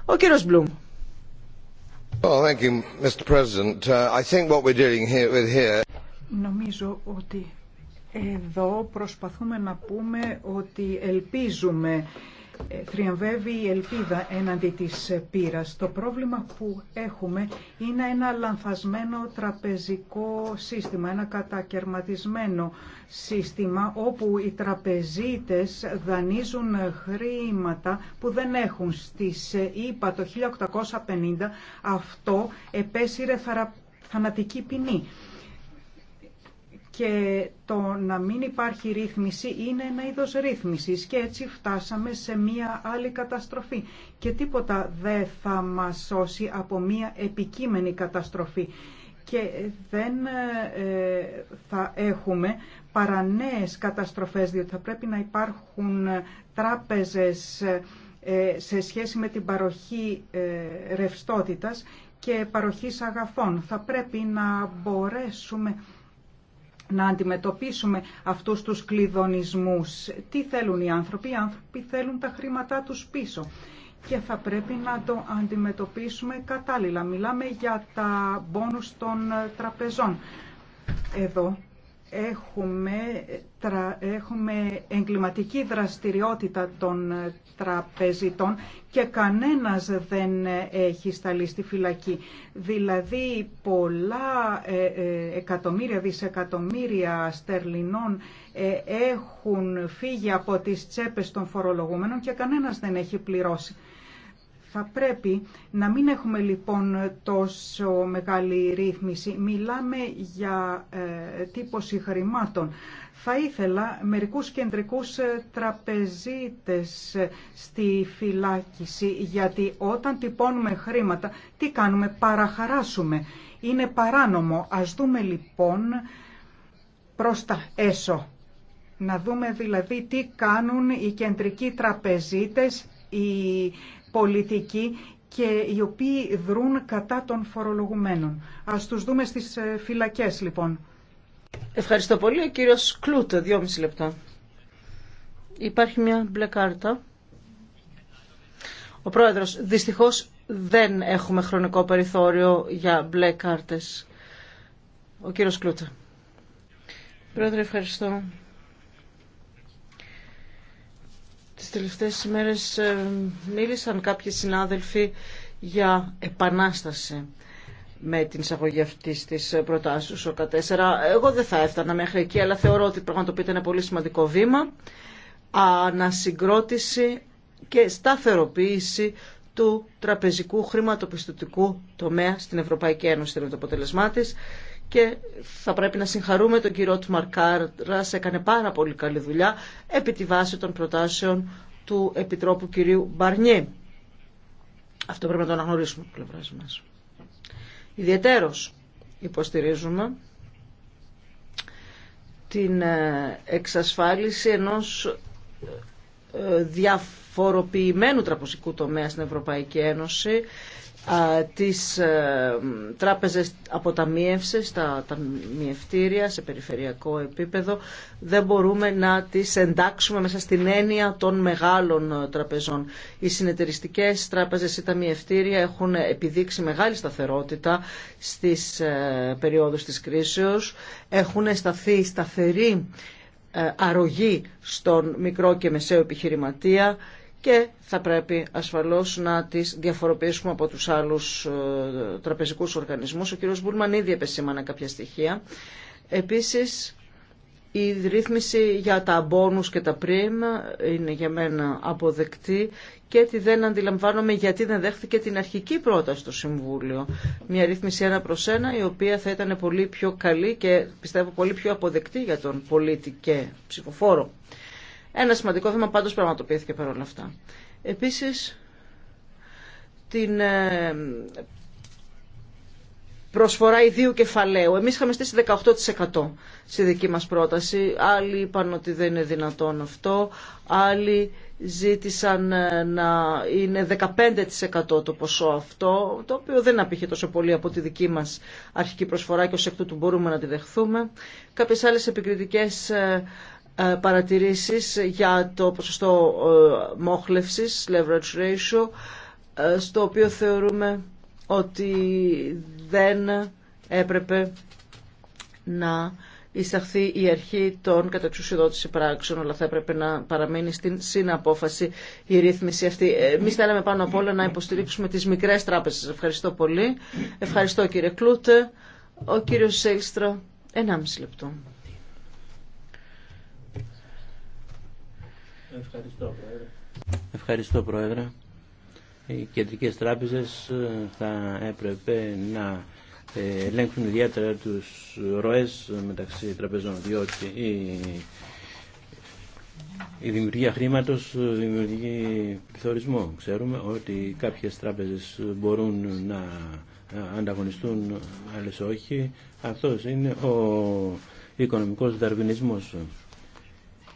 Ο κύριος Μπλουμ. Νομίζω ότι εδώ προσπαθούμε να πούμε ότι ελπίζουμε θριαμβεύει η ελπίδα έναντι της Πύρας. Το πρόβλημα που έχουμε είναι ένα λανθασμένο τραπεζικό σύστημα, ένα κατακαιρματισμένο σύστημα όπου οι τραπεζίτες δανείζουν χρήματα που δεν έχουν. Στις ΙΠΑ το 1850 αυτό επέσυρε θανατική ποινή και το να μην υπάρχει ρύθμιση είναι ένα είδος ρύθμισης και έτσι φτάσαμε σε μία άλλη καταστροφή και τίποτα δεν θα μας σώσει από μία επικείμενη καταστροφή και δεν ε, θα έχουμε παρά καταστροφές διότι θα πρέπει να υπάρχουν τράπεζες ε, σε σχέση με την παροχή ε, ρευστότητας και παροχής αγαθών. Θα πρέπει να μπορέσουμε να αντιμετωπίσουμε αυτούς τους κλειδονισμούς. Τι θέλουν οι άνθρωποι, οι άνθρωποι θέλουν τα χρήματά τους πίσω και θα πρέπει να το αντιμετωπίσουμε κατάλληλα. Μιλάμε για τα μπόνους των τραπεζών. Εδώ έχουμε, έχουμε εγκληματική δραστηριότητα των ε, τραπεζιτών και κανένας δεν ε, έχει σταλεί στη φυλακή. Δηλαδή πολλά ε, εκατομμύρια, δισεκατομμύρια στερλινών έχουν φύγει από τις τσέπες των φορολογούμενων και κανένας δεν έχει πληρώσει. Θα πρέπει να μην έχουμε λοιπόν τόσο μεγάλη ρύθμιση. Μιλάμε για ε, τύπωση χρημάτων. Θα ήθελα μερικούς κεντρικούς ε, τραπεζίτες ε, στη φυλάκιση, γιατί όταν τυπώνουμε χρήματα, τι κάνουμε, παραχαράσουμε. Είναι παράνομο. Ας δούμε λοιπόν προς τα έσω. Να δούμε δηλαδή τι κάνουν οι κεντρικοί τραπεζίτες, οι πολιτικοί και οι οποίοι δρούν κατά των φορολογουμένων. Ας τους δούμε στις ε, φυλακές λοιπόν. Ευχαριστώ πολύ. Ο κύριος δύο μισή λεπτά. Υπάρχει μια μπλε κάρτα. Ο πρόεδρος, δυστυχώς δεν έχουμε χρονικό περιθώριο για μπλε κάρτες. Ο κύριος κλούτε. Πρόεδρε, ευχαριστώ. Τις τελευταίες ημέρες ε, μίλησαν κάποιοι συνάδελφοι για επανάσταση με την εισαγωγή αυτή τη προτάσεω ο 4. Εγώ δεν θα έφτανα μέχρι εκεί, αλλά θεωρώ ότι πραγματοποιείται ένα πολύ σημαντικό βήμα. Ανασυγκρότηση και σταθεροποίηση του τραπεζικού χρηματοπιστωτικού τομέα στην Ευρωπαϊκή Ένωση είναι το αποτελεσμά τη και θα πρέπει να συγχαρούμε τον κύριο Τμαρκάρα, έκανε πάρα πολύ καλή δουλειά επί τη βάση των προτάσεων του Επιτρόπου κυρίου Μπαρνιέ. Αυτό πρέπει να το αναγνωρίσουμε από πλευρά μα. Ιδιαίτερω υποστηρίζουμε την ε, εξασφάλιση ενός ε, ε, διαφοροποιημένου τραπεζικού τομέα στην Ευρωπαϊκή Ένωση τις ε, τράπεζες αποταμίευσης, τα ταμιευτήρια σε περιφερειακό επίπεδο δεν μπορούμε να τις εντάξουμε μέσα στην έννοια των μεγάλων ε, τραπεζών. Οι συνεταιριστικές τράπεζες ή ταμιευτήρια έχουν επιδείξει μεγάλη σταθερότητα στις ε, περιόδους της κρίσεως, έχουν σταθεί σταθερή αρρωγή στον μικρό και μεσαίο επιχειρηματία και θα πρέπει ασφαλώς να τις διαφοροποιήσουμε από τους άλλους ε, τραπεζικούς οργανισμούς. Ο κύριος Μπούλμαν ήδη επεσήμανε κάποια στοιχεία. Επίσης, η ρύθμιση για τα μπόνους και τα πριμ είναι για μένα αποδεκτή και τη δεν αντιλαμβάνομαι γιατί δεν δέχθηκε την αρχική πρόταση στο Συμβούλιο. Μια ρύθμιση ένα προς ένα η οποία θα ήταν πολύ πιο καλή και πιστεύω πολύ πιο αποδεκτή για τον πολίτη και ψηφοφόρο. Ένα σημαντικό θέμα πάντως πραγματοποιήθηκε παρόλα αυτά. Επίσης, την ε, προσφορά ιδίου κεφαλαίου. Εμείς είχαμε στήσει 18% στη δική μας πρόταση. Άλλοι είπαν ότι δεν είναι δυνατόν αυτό. Άλλοι ζήτησαν ε, να είναι 15% το ποσό αυτό, το οποίο δεν απήχε τόσο πολύ από τη δική μας αρχική προσφορά και ως εκ τούτου μπορούμε να τη δεχθούμε. Κάποιες άλλες επικριτικές ε, ε, παρατηρήσεις για το ποσοστό ε, μόχλευσης, leverage ratio, ε, στο οποίο θεωρούμε ότι δεν έπρεπε να εισαχθεί η αρχή των κατεξουσιοδότηση πράξεων. αλλά θα έπρεπε να παραμείνει στην συναπόφαση η ρύθμιση αυτή. Εμεί θέλαμε πάνω απ' όλα να υποστηρίξουμε τις μικρές τράπεζες. Ευχαριστώ πολύ. Ευχαριστώ κύριε Κλούτε. Ο κύριος Σέλστρα, 1,5 λεπτό. Ευχαριστώ, Πρόεδρε. Ευχαριστώ, Πρόεδρε. Οι κεντρικέ τράπεζες ε, θα έπρεπε να ε, ελέγχουν ιδιαίτερα τους ροές μεταξύ τραπεζών, διότι η, η δημιουργία χρήματος ε, δημιουργεί πληθωρισμό. Ξέρουμε ότι κάποιες τράπεζες μπορούν να ανταγωνιστούν, άλλες όχι. Αυτός είναι ο οικονομικός δαρβινισμός.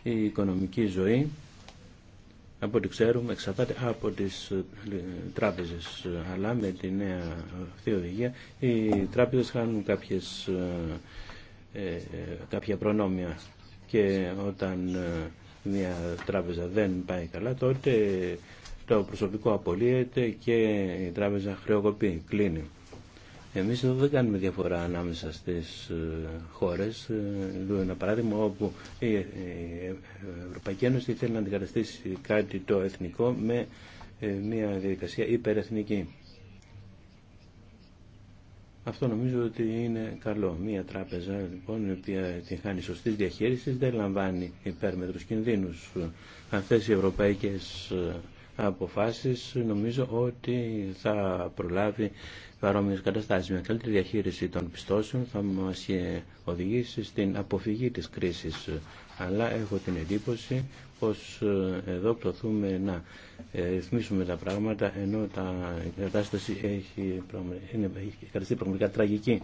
Η οικονομική ζωή από ό,τι ξέρουμε εξαρτάται από τις ε, τράπεζες αλλά με τη νέα αυτή οδηγία οι τράπεζες χάνουν κάποιες ε, ε, κάποια προνόμια και όταν μια τράπεζα δεν πάει καλά τότε το προσωπικό απολύεται και η τράπεζα χρεοκοπεί, κλείνει. Εμείς εδώ δεν κάνουμε διαφορά ανάμεσα στις ε, χώρες. Λέω ε, ένα παράδειγμα όπου η Ευρωπαϊκή Ένωση θέλει να αντικαταστήσει κάτι το εθνικό με ε, μια διαδικασία υπερεθνική. Αυτό νομίζω ότι είναι καλό. Μία τράπεζα λοιπόν η οποία την χάνει σωστή διαχείριση, δεν λαμβάνει υπέρμετρους κινδύνους. Αυτές οι ευρωπαϊκές αποφάσεις νομίζω ότι θα προλάβει Παρόμοιε καταστάσει. Μια καλύτερη διαχείριση των πιστώσεων θα μας ε, οδηγήσει στην αποφυγή της κρίσης. Αλλά έχω την εντύπωση πω ε, εδώ προθούμε να ε, ρυθμίσουμε τα πράγματα ενώ τα, η κατάσταση έχει, έχει καταστεί πραγματικά τραγική.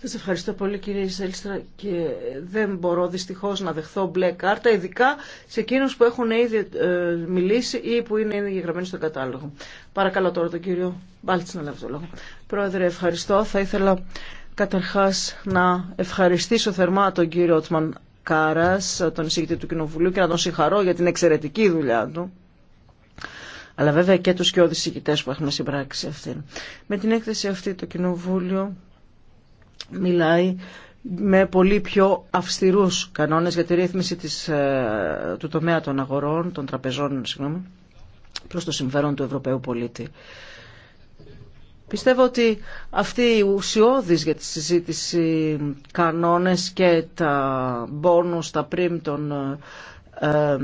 Σας ευχαριστώ πολύ κύριε Σέλστρα και δεν μπορώ δυστυχώς να δεχθώ μπλε κάρτα, ειδικά σε εκείνους που έχουν ήδη ε, μιλήσει ή που είναι ήδη γεγραμμένοι στον κατάλογο. Παρακαλώ τώρα τον κύριο Μπάλτς να λάβει το λόγο. Πρόεδρε, ευχαριστώ. Θα ήθελα καταρχάς να ευχαριστήσω θερμά τον κύριο Ότμαν Κάρας, τον εισηγητή του Κοινοβουλίου και να τον συγχαρώ για την εξαιρετική δουλειά του αλλά βέβαια και τους και οδησηγητές που έχουμε συμπράξει αυτήν. Με την έκθεση αυτή το Κοινοβούλιο μιλάει με πολύ πιο αυστηρούς κανόνες για τη ρύθμιση της, ε, του τομέα των αγορών, των τραπεζών, συγγνώμη, προς το συμφέρον του Ευρωπαίου πολίτη. Πιστεύω ότι αυτοί οι ουσιώδεις για τη συζήτηση κανόνες και τα μπόνους, τα πριμ των ε, ε,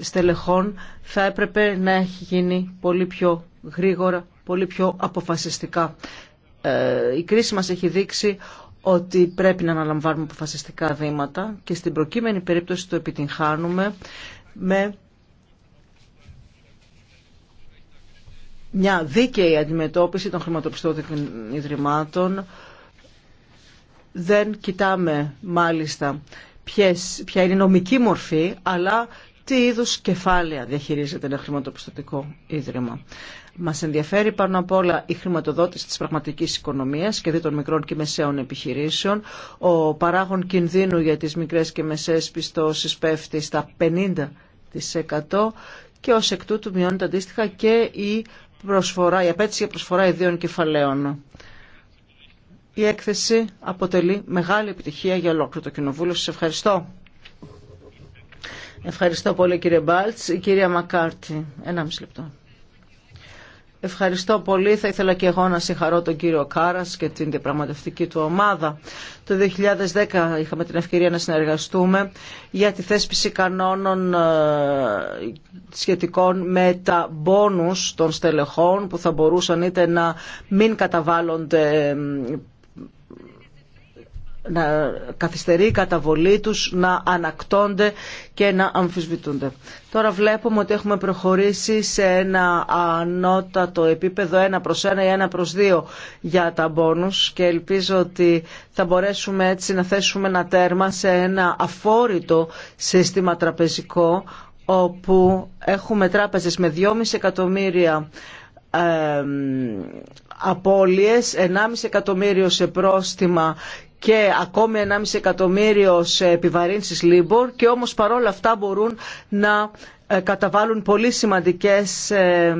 στελεχών θα έπρεπε να έχει γίνει πολύ πιο γρήγορα, πολύ πιο αποφασιστικά. Ε, η κρίση μας έχει δείξει ότι πρέπει να αναλαμβάνουμε αποφασιστικά βήματα και στην προκείμενη περίπτωση το επιτυγχάνουμε με μια δίκαιη αντιμετώπιση των χρηματοπιστωτικών ιδρυμάτων. Δεν κοιτάμε μάλιστα ποια είναι η νομική μορφή, αλλά τι είδους κεφάλαια διαχειρίζεται ένα χρηματοπιστωτικό ίδρυμα. Μας ενδιαφέρει πάνω απ' όλα η χρηματοδότηση της πραγματικής οικονομίας και δι' των μικρών και μεσαίων επιχειρήσεων. Ο παράγων κινδύνου για τις μικρές και μεσαίες πιστώσεις πέφτει στα 50% και ως εκ τούτου μειώνεται αντίστοιχα και η, προσφορά, η απέτηση για προσφορά ιδίων κεφαλαίων. Η έκθεση αποτελεί μεγάλη επιτυχία για ολόκληρο το Κοινοβούλιο. Σας ευχαριστώ. Ευχαριστώ πολύ κύριε Μπάλτς. Η κυρία Μακάρτη, ένα μισή λεπτό. Ευχαριστώ πολύ. Θα ήθελα και εγώ να συγχαρώ τον κύριο Κάρα και την διαπραγματευτική του ομάδα. Το 2010 είχαμε την ευκαιρία να συνεργαστούμε για τη θέσπιση κανόνων ε, σχετικών με τα μπόνους των στελεχών που θα μπορούσαν είτε να μην καταβάλλονται ε, να καθυστερεί η καταβολή τους, να ανακτώνται και να αμφισβητούνται. Τώρα βλέπουμε ότι έχουμε προχωρήσει σε ένα ανώτατο επίπεδο 1 προς 1 ή 1 προς 2 για τα μπόνους και ελπίζω ότι θα μπορέσουμε έτσι να θέσουμε ένα τέρμα σε ένα αφόρητο σύστημα τραπεζικό όπου έχουμε τράπεζες με 2,5 εκατομμύρια ε, απώλειες, 1,5 εκατομμύριο σε πρόστιμα και ακόμη 1,5 εκατομμύριο σε επιβαρύνσεις Λίμπορ και όμως παρόλα αυτά μπορούν να ε, καταβάλουν πολύ σημαντικές ε,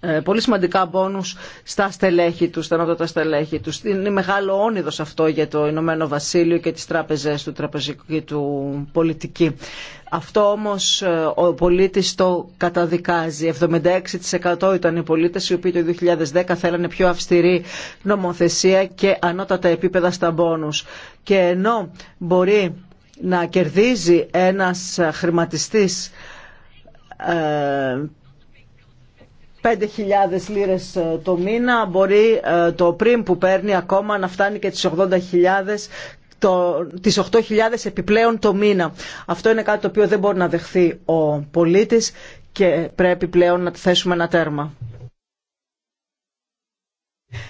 ε, πολύ σημαντικά μπόνους στα στελέχη του, στα νότατα στελέχη του. Είναι μεγάλο όνειδος αυτό για το Ηνωμένο Βασίλειο και τις τράπεζες του τραπεζικού του πολιτική. Αυτό όμως ε, ο πολίτης το καταδικάζει. 76% ήταν οι πολίτες οι οποίοι το 2010 θέλανε πιο αυστηρή νομοθεσία και ανώτατα επίπεδα στα μπόνους. Και ενώ μπορεί να κερδίζει ένας χρηματιστής ε, 5.000 λίρες ε, το μήνα μπορεί ε, το πριν που παίρνει ακόμα να φτάνει και τις 80.000 τις 8.000 επιπλέον το μήνα. Αυτό είναι κάτι το οποίο δεν μπορεί να δεχθεί ο πολίτης και πρέπει πλέον να θέσουμε ένα τέρμα.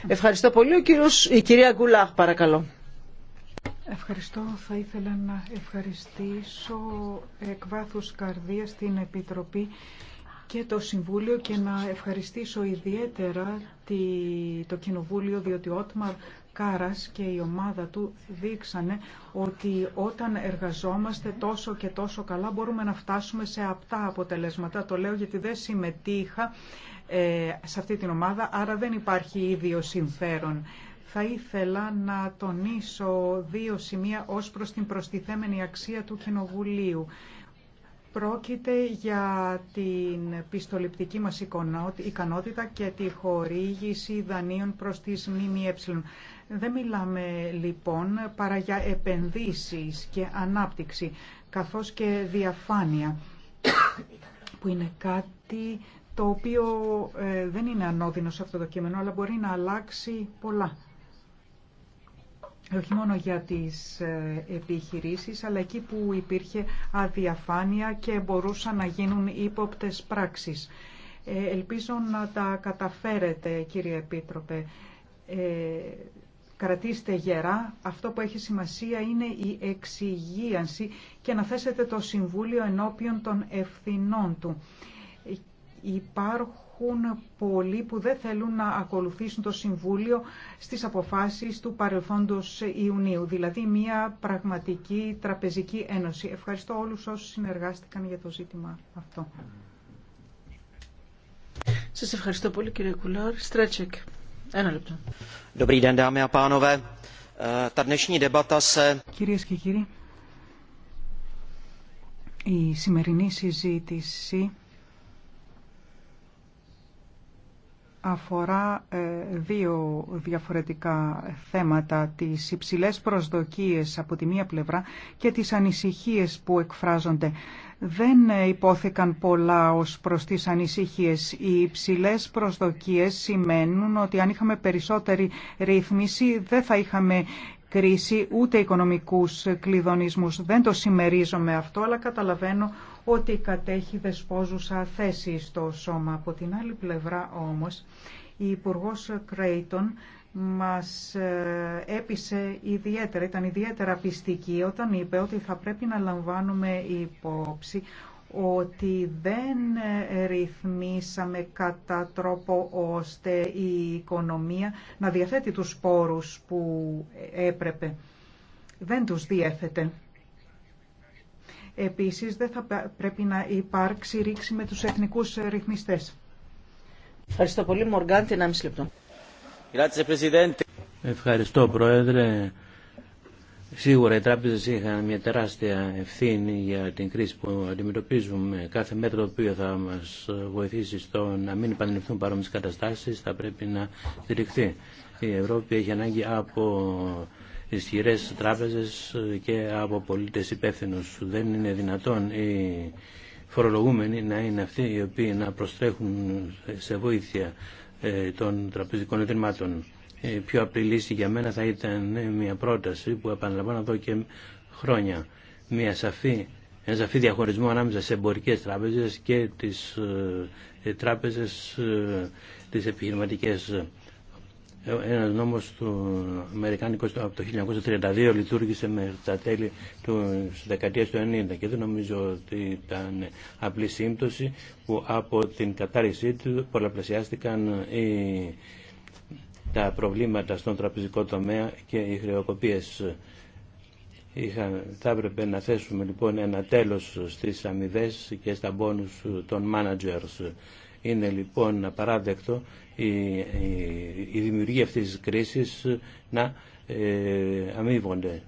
Ευχαριστώ πολύ. Ο κύριος, η κυρία Γκουλάχ, παρακαλώ. Ευχαριστώ. Θα ήθελα να ευχαριστήσω εκ βάθους καρδίας την Επιτροπή και το Συμβούλιο και να ευχαριστήσω ιδιαίτερα το Κοινοβούλιο διότι ο Ότμαρ Κάρας και η ομάδα του δείξανε ότι όταν εργαζόμαστε τόσο και τόσο καλά μπορούμε να φτάσουμε σε απτά αποτελέσματα. Το λέω γιατί δεν συμμετείχα ε, σε αυτή την ομάδα, άρα δεν υπάρχει ίδιο συμφέρον. Θα ήθελα να τονίσω δύο σημεία ως προς την προστιθέμενη αξία του Κοινοβουλίου. Πρόκειται για την πιστοληπτική μας ικανότητα και τη χορήγηση δανείων προς τις ΜΜΕ. Δεν μιλάμε λοιπόν παρά για επενδύσεις και ανάπτυξη, καθώς και διαφάνεια, που είναι κάτι το οποίο ε, δεν είναι ανώδυνο σε αυτό το κείμενο, αλλά μπορεί να αλλάξει πολλά όχι μόνο για τις ε, επιχειρήσεις, αλλά εκεί που υπήρχε αδιαφάνεια και μπορούσαν να γίνουν ύποπτες πράξεις. Ε, ελπίζω να τα καταφέρετε, κύριε Επίτροπε. Ε, κρατήστε γερά. Αυτό που έχει σημασία είναι η εξυγίανση και να θέσετε το Συμβούλιο ενώπιον των ευθυνών του. Υπάρχουν υπάρχουν πολλοί που δεν θέλουν να ακολουθήσουν το Συμβούλιο στις αποφάσεις του παρελθόντος Ιουνίου, δηλαδή μια πραγματική τραπεζική ένωση. Ευχαριστώ όλους όσους συνεργάστηκαν για το ζήτημα αυτό. Σας ευχαριστώ πολύ κύριε Κουλάρ. Στρέτσεκ, ένα λεπτό. Ε, Κυρίες και κύριοι, η σημερινή συζήτηση αφορά ε, δύο διαφορετικά θέματα, τις υψηλές προσδοκίες από τη μία πλευρά και τις ανησυχίες που εκφράζονται. Δεν ε, υπόθηκαν πολλά ως προς τις ανησυχίες. Οι υψηλές προσδοκίες σημαίνουν ότι αν είχαμε περισσότερη ρύθμιση δεν θα είχαμε κρίση ούτε οικονομικούς κλειδονισμούς. Δεν το συμμερίζομαι αυτό, αλλά καταλαβαίνω ότι κατέχει δεσπόζουσα θέση στο σώμα. Από την άλλη πλευρά όμως, η υπουργό Κρέιτον μας ε, έπεισε ιδιαίτερα, ήταν ιδιαίτερα πιστική όταν είπε ότι θα πρέπει να λαμβάνουμε υπόψη ότι δεν ρυθμίσαμε κατά τρόπο ώστε η οικονομία να διαθέτει τους πόρους που έπρεπε. Δεν τους διέθετε. Επίσης, δεν θα πρέπει να υπάρξει ρήξη με τους εθνικούς ρυθμιστές. Ευχαριστώ πολύ. Μοργάν, την άμιση λεπτό. Ευχαριστώ, Πρόεδρε. Σίγουρα οι τράπεζες είχαν μια τεράστια ευθύνη για την κρίση που αντιμετωπίζουμε. Κάθε μέτρο το οποίο θα μας βοηθήσει στο να μην επανελειφθούν παρόμοιες καταστάσεις θα πρέπει να στηριχθεί. Η Ευρώπη έχει ανάγκη από ισχυρέ τράπεζες ε, και από πολίτε υπεύθυνου. Δεν είναι δυνατόν οι φορολογούμενοι να είναι αυτοί οι οποίοι να προστρέχουν σε βοήθεια ε, των τραπεζικών ιδρυμάτων. Ε, πιο απλή λύση για μένα θα ήταν μια πρόταση που επαναλαμβάνω εδώ και χρόνια. Μια σαφή ένα σαφή διαχωρισμό ανάμεσα σε εμπορικέ τράπεζε και τι τράπεζε τι επιχειρηματικέ. Ε, ένα νόμο του Αμερικάνικου από το 1932 λειτουργήσε με τα τέλη του δεκαετία του 1990 και δεν νομίζω ότι ήταν απλή σύμπτωση που από την κατάρρισή του πολλαπλασιάστηκαν οι, τα προβλήματα στον τραπεζικό τομέα και οι χρεοκοπίες. θα έπρεπε να θέσουμε λοιπόν ένα τέλος στις αμοιβέ και στα μπόνους των managers είναι λοιπόν απαράδεκτο η, η, η δημιουργία αυτής της κρίσης να ε, αμείβονται.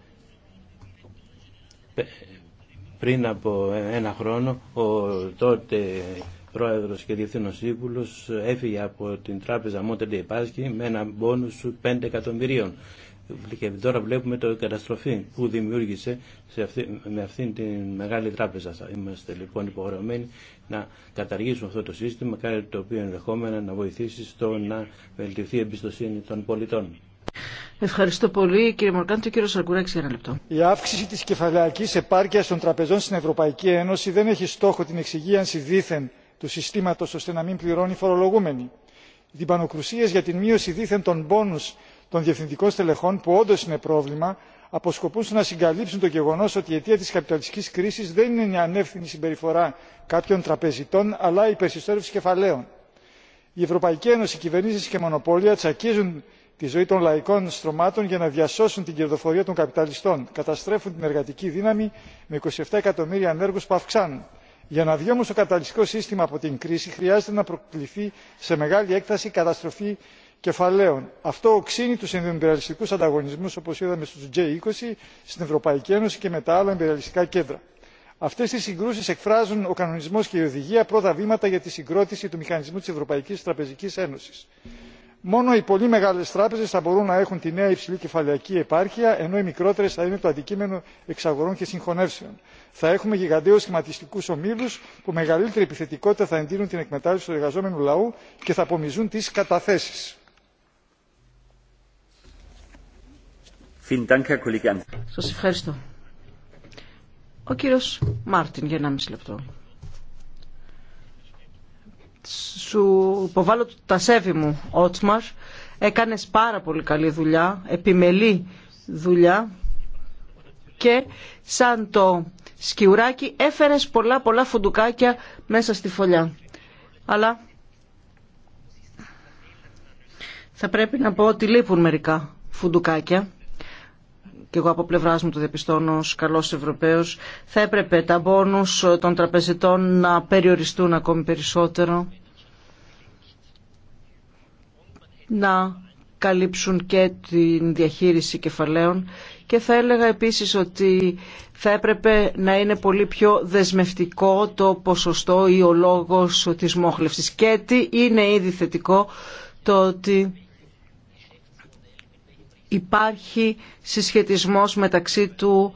Πριν από ένα χρόνο ο τότε πρόεδρος και διευθύνων σύμβουλος έφυγε από την τράπεζα Μότερντε Πάσκη με ένα μπόνους 5 εκατομμυρίων και τώρα βλέπουμε την καταστροφή που δημιούργησε σε αυτή, με αυτήν την μεγάλη τράπεζα. Είμαστε λοιπόν υποχρεωμένοι να καταργήσουμε αυτό το σύστημα, κάτι το οποίο ενδεχόμενα να βοηθήσει στο να βελτιωθεί η εμπιστοσύνη των πολιτών. Ευχαριστώ πολύ κύριε Μορκάντη. Ο κύριο Σαρκουράκη ένα λεπτό. Η αύξηση τη κεφαλαϊκή επάρκεια των τραπεζών στην Ευρωπαϊκή Ένωση δεν έχει στόχο την εξυγίανση δήθεν του συστήματο ώστε να μην πληρώνει φορολογούμενοι. Οι διπανοκρουσίε για την μείωση δήθεν των πόνου των διευθυντικών στελεχών που όντω είναι πρόβλημα Αποσκοπούσαν να συγκαλύψουν το γεγονό ότι η αιτία τη καπιταλιστική κρίση δεν είναι η ανεύθυνη συμπεριφορά κάποιων τραπεζιτών αλλά η υπερσυσσόρευση κεφαλαίων. η ευρωπαϊκή ένωση κυβερνήσει και μονοπόλια τσακίζουν τη ζωή των λαϊκών στρωμάτων για να διασώσουν την κερδοφορία των καπιταλιστών καταστρέφουν την εργατική δύναμη με 27 εκατομμύρια ανέργου που αυξάνουν. Για να βγει όμω το καπιταλιστικό σύστημα από την κρίση χρειάζεται να προκληθεί σε μεγάλη έκταση η καταστροφή κεφαλαίων. Αυτό οξύνει του ενδοϊμπεριαλιστικού ανταγωνισμού, όπω είδαμε στου G20, στην Ευρωπαϊκή Ένωση και με τα άλλα εμπεριαλιστικά κέντρα. Αυτέ τι συγκρούσει εκφράζουν ο κανονισμό και η οδηγία πρώτα βήματα για τη συγκρότηση του μηχανισμού τη Ευρωπαϊκή Τραπεζική Ένωση. Μόνο οι πολύ μεγάλε τράπεζε θα μπορούν να έχουν τη νέα υψηλή κεφαλαιακή επάρκεια, ενώ οι μικρότερε θα είναι το αντικείμενο εξαγορών και συγχωνεύσεων. Θα έχουμε γιγαντέου σχηματιστικού ομίλου που μεγαλύτερη επιθετικότητα θα εντείνουν την εκμετάλλευση του εργαζόμενου λαού και θα απομυζούν τι καταθέσει. Σας ευχαριστώ. Ο κύριος Μάρτιν για μισή λεπτό. Σου υποβάλλω τα σέβη μου, Ότσμαρ. Έκανες πάρα πολύ καλή δουλειά, επιμελή δουλειά και σαν το σκιουράκι έφερες πολλά πολλά φουντουκάκια μέσα στη φωλιά. Αλλά θα πρέπει να πω ότι λείπουν μερικά φουντουκάκια και εγώ από πλευρά μου το διαπιστώνω ως καλός Ευρωπαίος, θα έπρεπε τα μπόνους των τραπεζιτών να περιοριστούν ακόμη περισσότερο, να καλύψουν και την διαχείριση κεφαλαίων και θα έλεγα επίσης ότι θα έπρεπε να είναι πολύ πιο δεσμευτικό το ποσοστό ή ο λόγος της μόχλευσης. Και τι είναι ήδη θετικό το ότι υπάρχει συσχετισμός μεταξύ του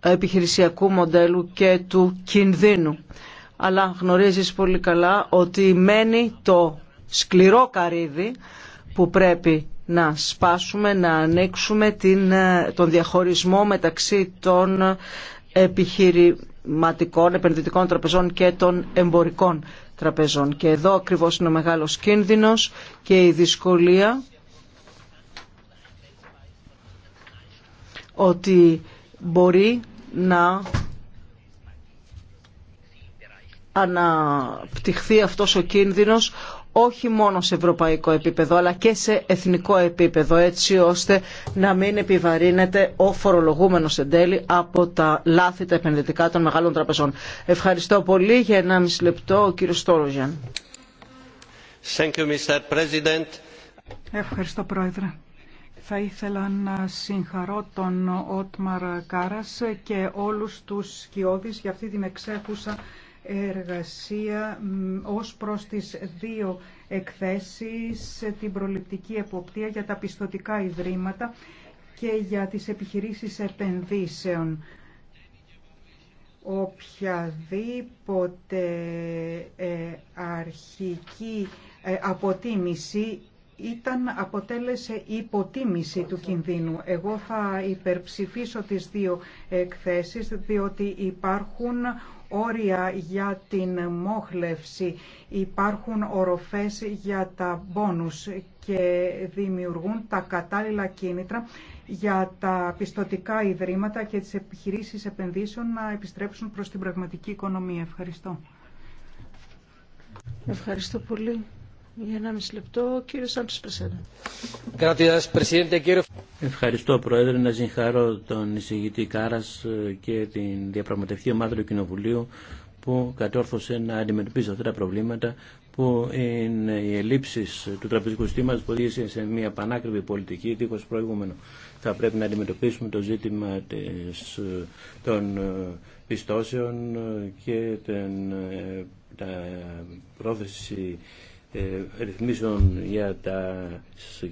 επιχειρησιακού μοντέλου και του κινδύνου. Αλλά γνωρίζεις πολύ καλά ότι μένει το σκληρό καρύδι που πρέπει να σπάσουμε, να ανοίξουμε την, ε, τον διαχωρισμό μεταξύ των επιχειρηματικών, επενδυτικών τραπεζών και των εμπορικών τραπεζών. Και εδώ ακριβώς είναι ο μεγάλος κίνδυνος και η δυσκολία ότι μπορεί να αναπτυχθεί αυτός ο κίνδυνος όχι μόνο σε ευρωπαϊκό επίπεδο αλλά και σε εθνικό επίπεδο έτσι ώστε να μην επιβαρύνεται ο φορολογούμενος εν τέλει από τα λάθη τα επενδυτικά των μεγάλων τραπεζών. Ευχαριστώ πολύ για μισή λεπτό ο κύριος Στόρογιαν. Ευχαριστώ Πρόεδρε. Θα ήθελα να συγχαρώ τον Ότμαρ Κάρας και όλους τους σκιώδεις για αυτή την εξέχουσα εργασία ως προς τις δύο εκθέσεις, την προληπτική εποπτεία για τα πιστοτικά ιδρύματα και για τις επιχειρήσεις επενδύσεων. Οποιαδήποτε ε, αρχική ε, αποτίμηση ήταν, αποτέλεσε υποτίμηση του κινδύνου. Εγώ θα υπερψηφίσω τις δύο εκθέσεις διότι υπάρχουν όρια για την μόχλευση, υπάρχουν οροφές για τα μπόνους και δημιουργούν τα κατάλληλα κίνητρα για τα πιστοτικά ιδρύματα και τις επιχειρήσεις επενδύσεων να επιστρέψουν προς την πραγματική οικονομία. Ευχαριστώ. Ευχαριστώ πολύ. Ευχαριστώ, Πρόεδρε, να συγχαρώ τον εισηγητή Κάρα ε, και την διαπραγματευτική ομάδα του Κοινοβουλίου που κατόρθωσε να αντιμετωπίσει αυτά τα προβλήματα που είναι οι ελλείψεις του τραπεζικού συστήματος που οδήγησε σε μια πανάκριβη πολιτική δίχως προηγούμενο. Θα πρέπει να αντιμετωπίσουμε το ζήτημα ε, των ε, πιστώσεων και την, πρόθεση ε, ρυθμίσεων για τα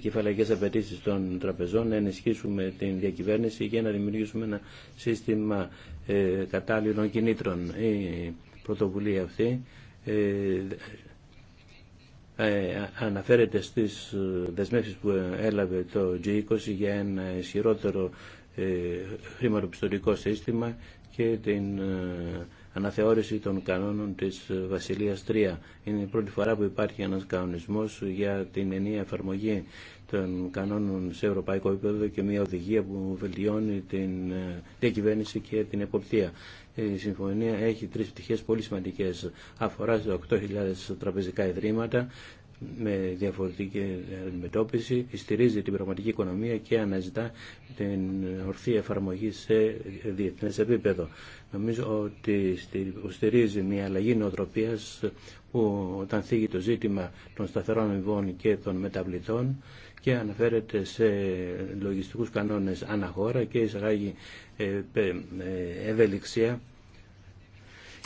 κεφαλαϊκές απαιτήσει των τραπεζών, να ενισχύσουμε την διακυβέρνηση και να δημιουργήσουμε ένα σύστημα ε, κατάλληλων κινήτρων. Η πρωτοβουλία αυτή ε, αναφέρεται στις δεσμεύσεις που έλαβε το G20 για ένα ισχυρότερο χρηματοπιστωτικό σύστημα και την αναθεώρηση των κανόνων της Βασιλείας 3. Είναι η πρώτη φορά που υπάρχει ένας κανονισμός για την ενιαία εφαρμογή των κανόνων σε ευρωπαϊκό επίπεδο και μια οδηγία που βελτιώνει την διακυβέρνηση ε, και την εποπτεία. Η συμφωνία έχει τρεις πτυχές πολύ σημαντικές. Αφορά 8.000 τραπεζικά ιδρύματα, με διαφορετική αντιμετώπιση, στηρίζει την πραγματική οικονομία και αναζητά την ορθή εφαρμογή σε διεθνές επίπεδο. Νομίζω ότι στηρίζει μια αλλαγή νοοτροπίας που όταν θίγει το ζήτημα των σταθερών αμοιβών και των μεταβλητών και αναφέρεται σε λογιστικούς κανόνες αναχώρα και εισαγάγει ε, ε, ευελιξία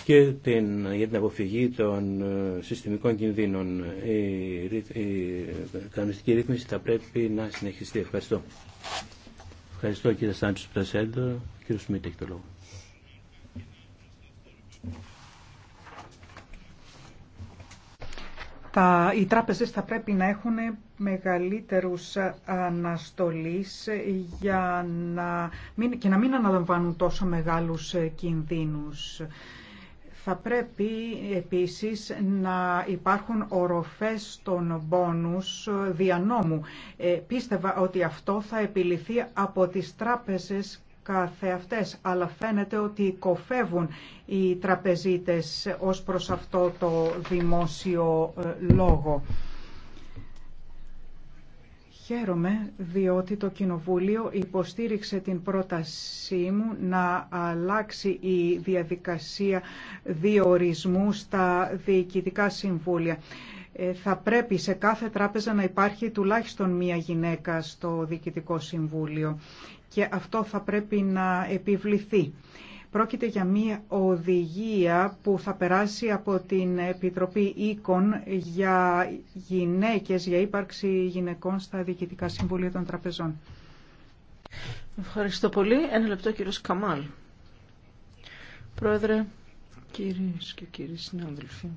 και την, για την αποφυγή των ε, συστημικών κινδύνων. Η, κανονιστική ρύθμιση θα πρέπει να συνεχιστεί. Ευχαριστώ. Ευχαριστώ κύριε Σάντσος Πρασέντο. Κύριο Σμίτη έχει το λόγο. οι τράπεζες θα πρέπει να έχουν μεγαλύτερους αναστολής για να μην, και να μην αναλαμβάνουν τόσο μεγάλους κινδύνους. Θα πρέπει επίσης να υπάρχουν οροφές των πόνους διανόμου. Ε, πίστευα ότι αυτό θα επιληθεί από τις τράπεζες καθεαυτές, αλλά φαίνεται ότι κοφεύουν οι τραπεζίτες ως προς αυτό το δημόσιο ε, λόγο. Χαίρομαι διότι το Κοινοβούλιο υποστήριξε την πρότασή μου να αλλάξει η διαδικασία διορισμού στα διοικητικά συμβούλια. Ε, θα πρέπει σε κάθε τράπεζα να υπάρχει τουλάχιστον μία γυναίκα στο Διοικητικό Συμβούλιο και αυτό θα πρέπει να επιβληθεί. Πρόκειται για μία οδηγία που θα περάσει από την Επιτροπή Οίκων για γυναίκες, για ύπαρξη γυναικών στα διοικητικά συμβούλια των τραπεζών. Ευχαριστώ πολύ. Ένα λεπτό κύριος Καμάλ. Πρόεδρε, κύριε και κύριοι συνάδελφοι.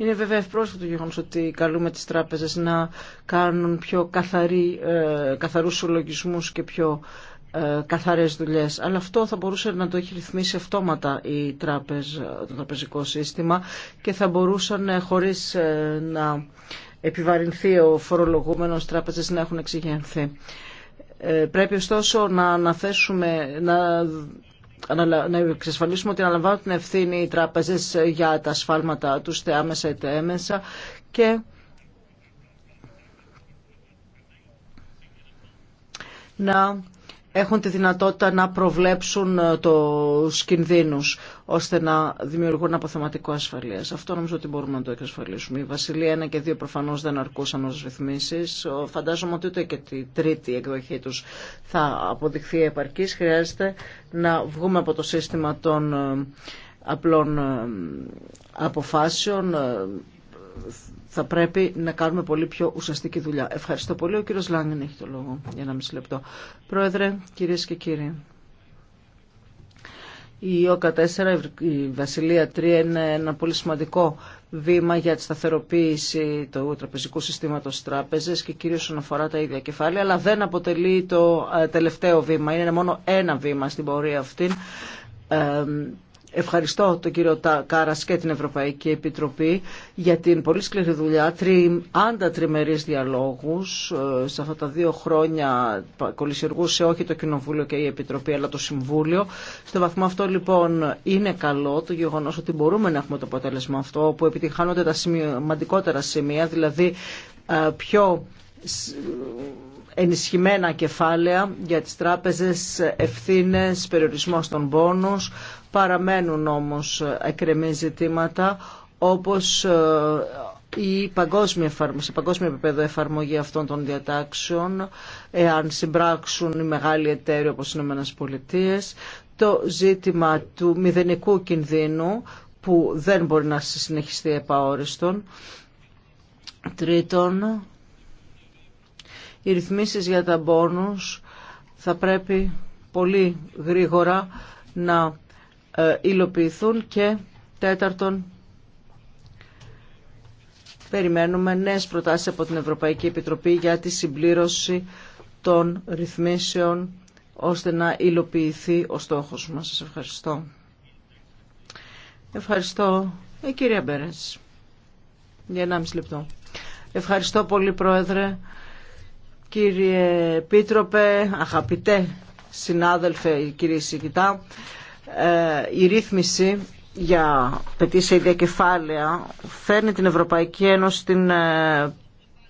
Είναι βέβαια ευπρόσθετο γεγονό ότι καλούμε τι τράπεζε να κάνουν πιο καθαρή, ε, καθαρού συλλογισμού και πιο ε, καθαρές δουλειές. Αλλά αυτό θα μπορούσε να το έχει ρυθμίσει αυτόματα η τράπεζα, το τραπεζικό σύστημα και θα μπορούσαν ε, χωρίς ε, να επιβαρυνθεί ο φορολογούμενος τράπεζες να έχουν εξηγενθεί. Ε, πρέπει ωστόσο να αναθέσουμε, να να εξασφαλίσουμε ότι αναλαμβάνουν την ευθύνη οι τράπεζες για τα σφάλματα τους, είτε άμεσα είτε έμεσα και να έχουν τη δυνατότητα να προβλέψουν ε, του κινδύνου ώστε να δημιουργούν αποθεματικό ασφαλεία. Αυτό νομίζω ότι μπορούμε να το εξασφαλίσουμε. Η Βασιλεία 1 και 2 προφανώ δεν αρκούσαν ω ρυθμίσει. Φαντάζομαι ότι ούτε και τη τρίτη εκδοχή του θα αποδειχθεί επαρκή. Χρειάζεται να βγούμε από το σύστημα των ε, απλών ε, αποφάσεων θα πρέπει να κάνουμε πολύ πιο ουσιαστική δουλειά. Ευχαριστώ πολύ. Ο κύριος Λάγκεν έχει το λόγο για ένα μισή λεπτό. Πρόεδρε, κυρίες και κύριοι. Η ΟΚΑ 4, η Βασιλεία 3 είναι ένα πολύ σημαντικό βήμα για τη σταθεροποίηση του τραπεζικού συστήματος τράπεζες και κυρίως όσον αφορά τα ίδια κεφάλαια, αλλά δεν αποτελεί το ε, τελευταίο βήμα, είναι μόνο ένα βήμα στην πορεία αυτή Ευχαριστώ τον κύριο Κάρας και την Ευρωπαϊκή Επιτροπή για την πολύ σκληρή δουλειά, άντα τριμερείς διαλόγους ε, σε αυτά τα δύο χρόνια κολυσιεργούσε όχι το Κοινοβούλιο και η Επιτροπή αλλά το Συμβούλιο. Στο βαθμό αυτό λοιπόν είναι καλό το γεγονός ότι μπορούμε να έχουμε το αποτέλεσμα αυτό που επιτυγχάνονται τα σημαντικότερα σημεία, δηλαδή ε, πιο ενισχυμένα κεφάλαια για τις τράπεζες, ευθύνες, περιορισμός των πόνους, Παραμένουν όμως εκρεμή ζητήματα όπως ε, η παγκόσμια, σε παγκόσμιο επίπεδο εφαρμογή αυτών των διατάξεων, εάν συμπράξουν οι μεγάλοι εταίροι όπως οι ΗΠΑ, το ζήτημα του μηδενικού κινδύνου που δεν μπορεί να συνεχιστεί επαόριστον. Τρίτον, οι ρυθμίσεις για τα μπόνους θα πρέπει πολύ γρήγορα να ε, υλοποιηθούν και τέταρτον περιμένουμε νέες προτάσεις από την Ευρωπαϊκή Επιτροπή για τη συμπλήρωση των ρυθμίσεων ώστε να υλοποιηθεί ο στόχος μας. Σας ευχαριστώ. Ευχαριστώ. Ε, κυρία Μπέρες, για μισή λεπτό. Ευχαριστώ πολύ, Πρόεδρε. Κύριε Πίτροπε, αγαπητέ συνάδελφε, κύριε Σιγητά, ε, η ρύθμιση για πετήσια ίδια κεφάλαια φέρνει την Ευρωπαϊκή Ένωση στην ε,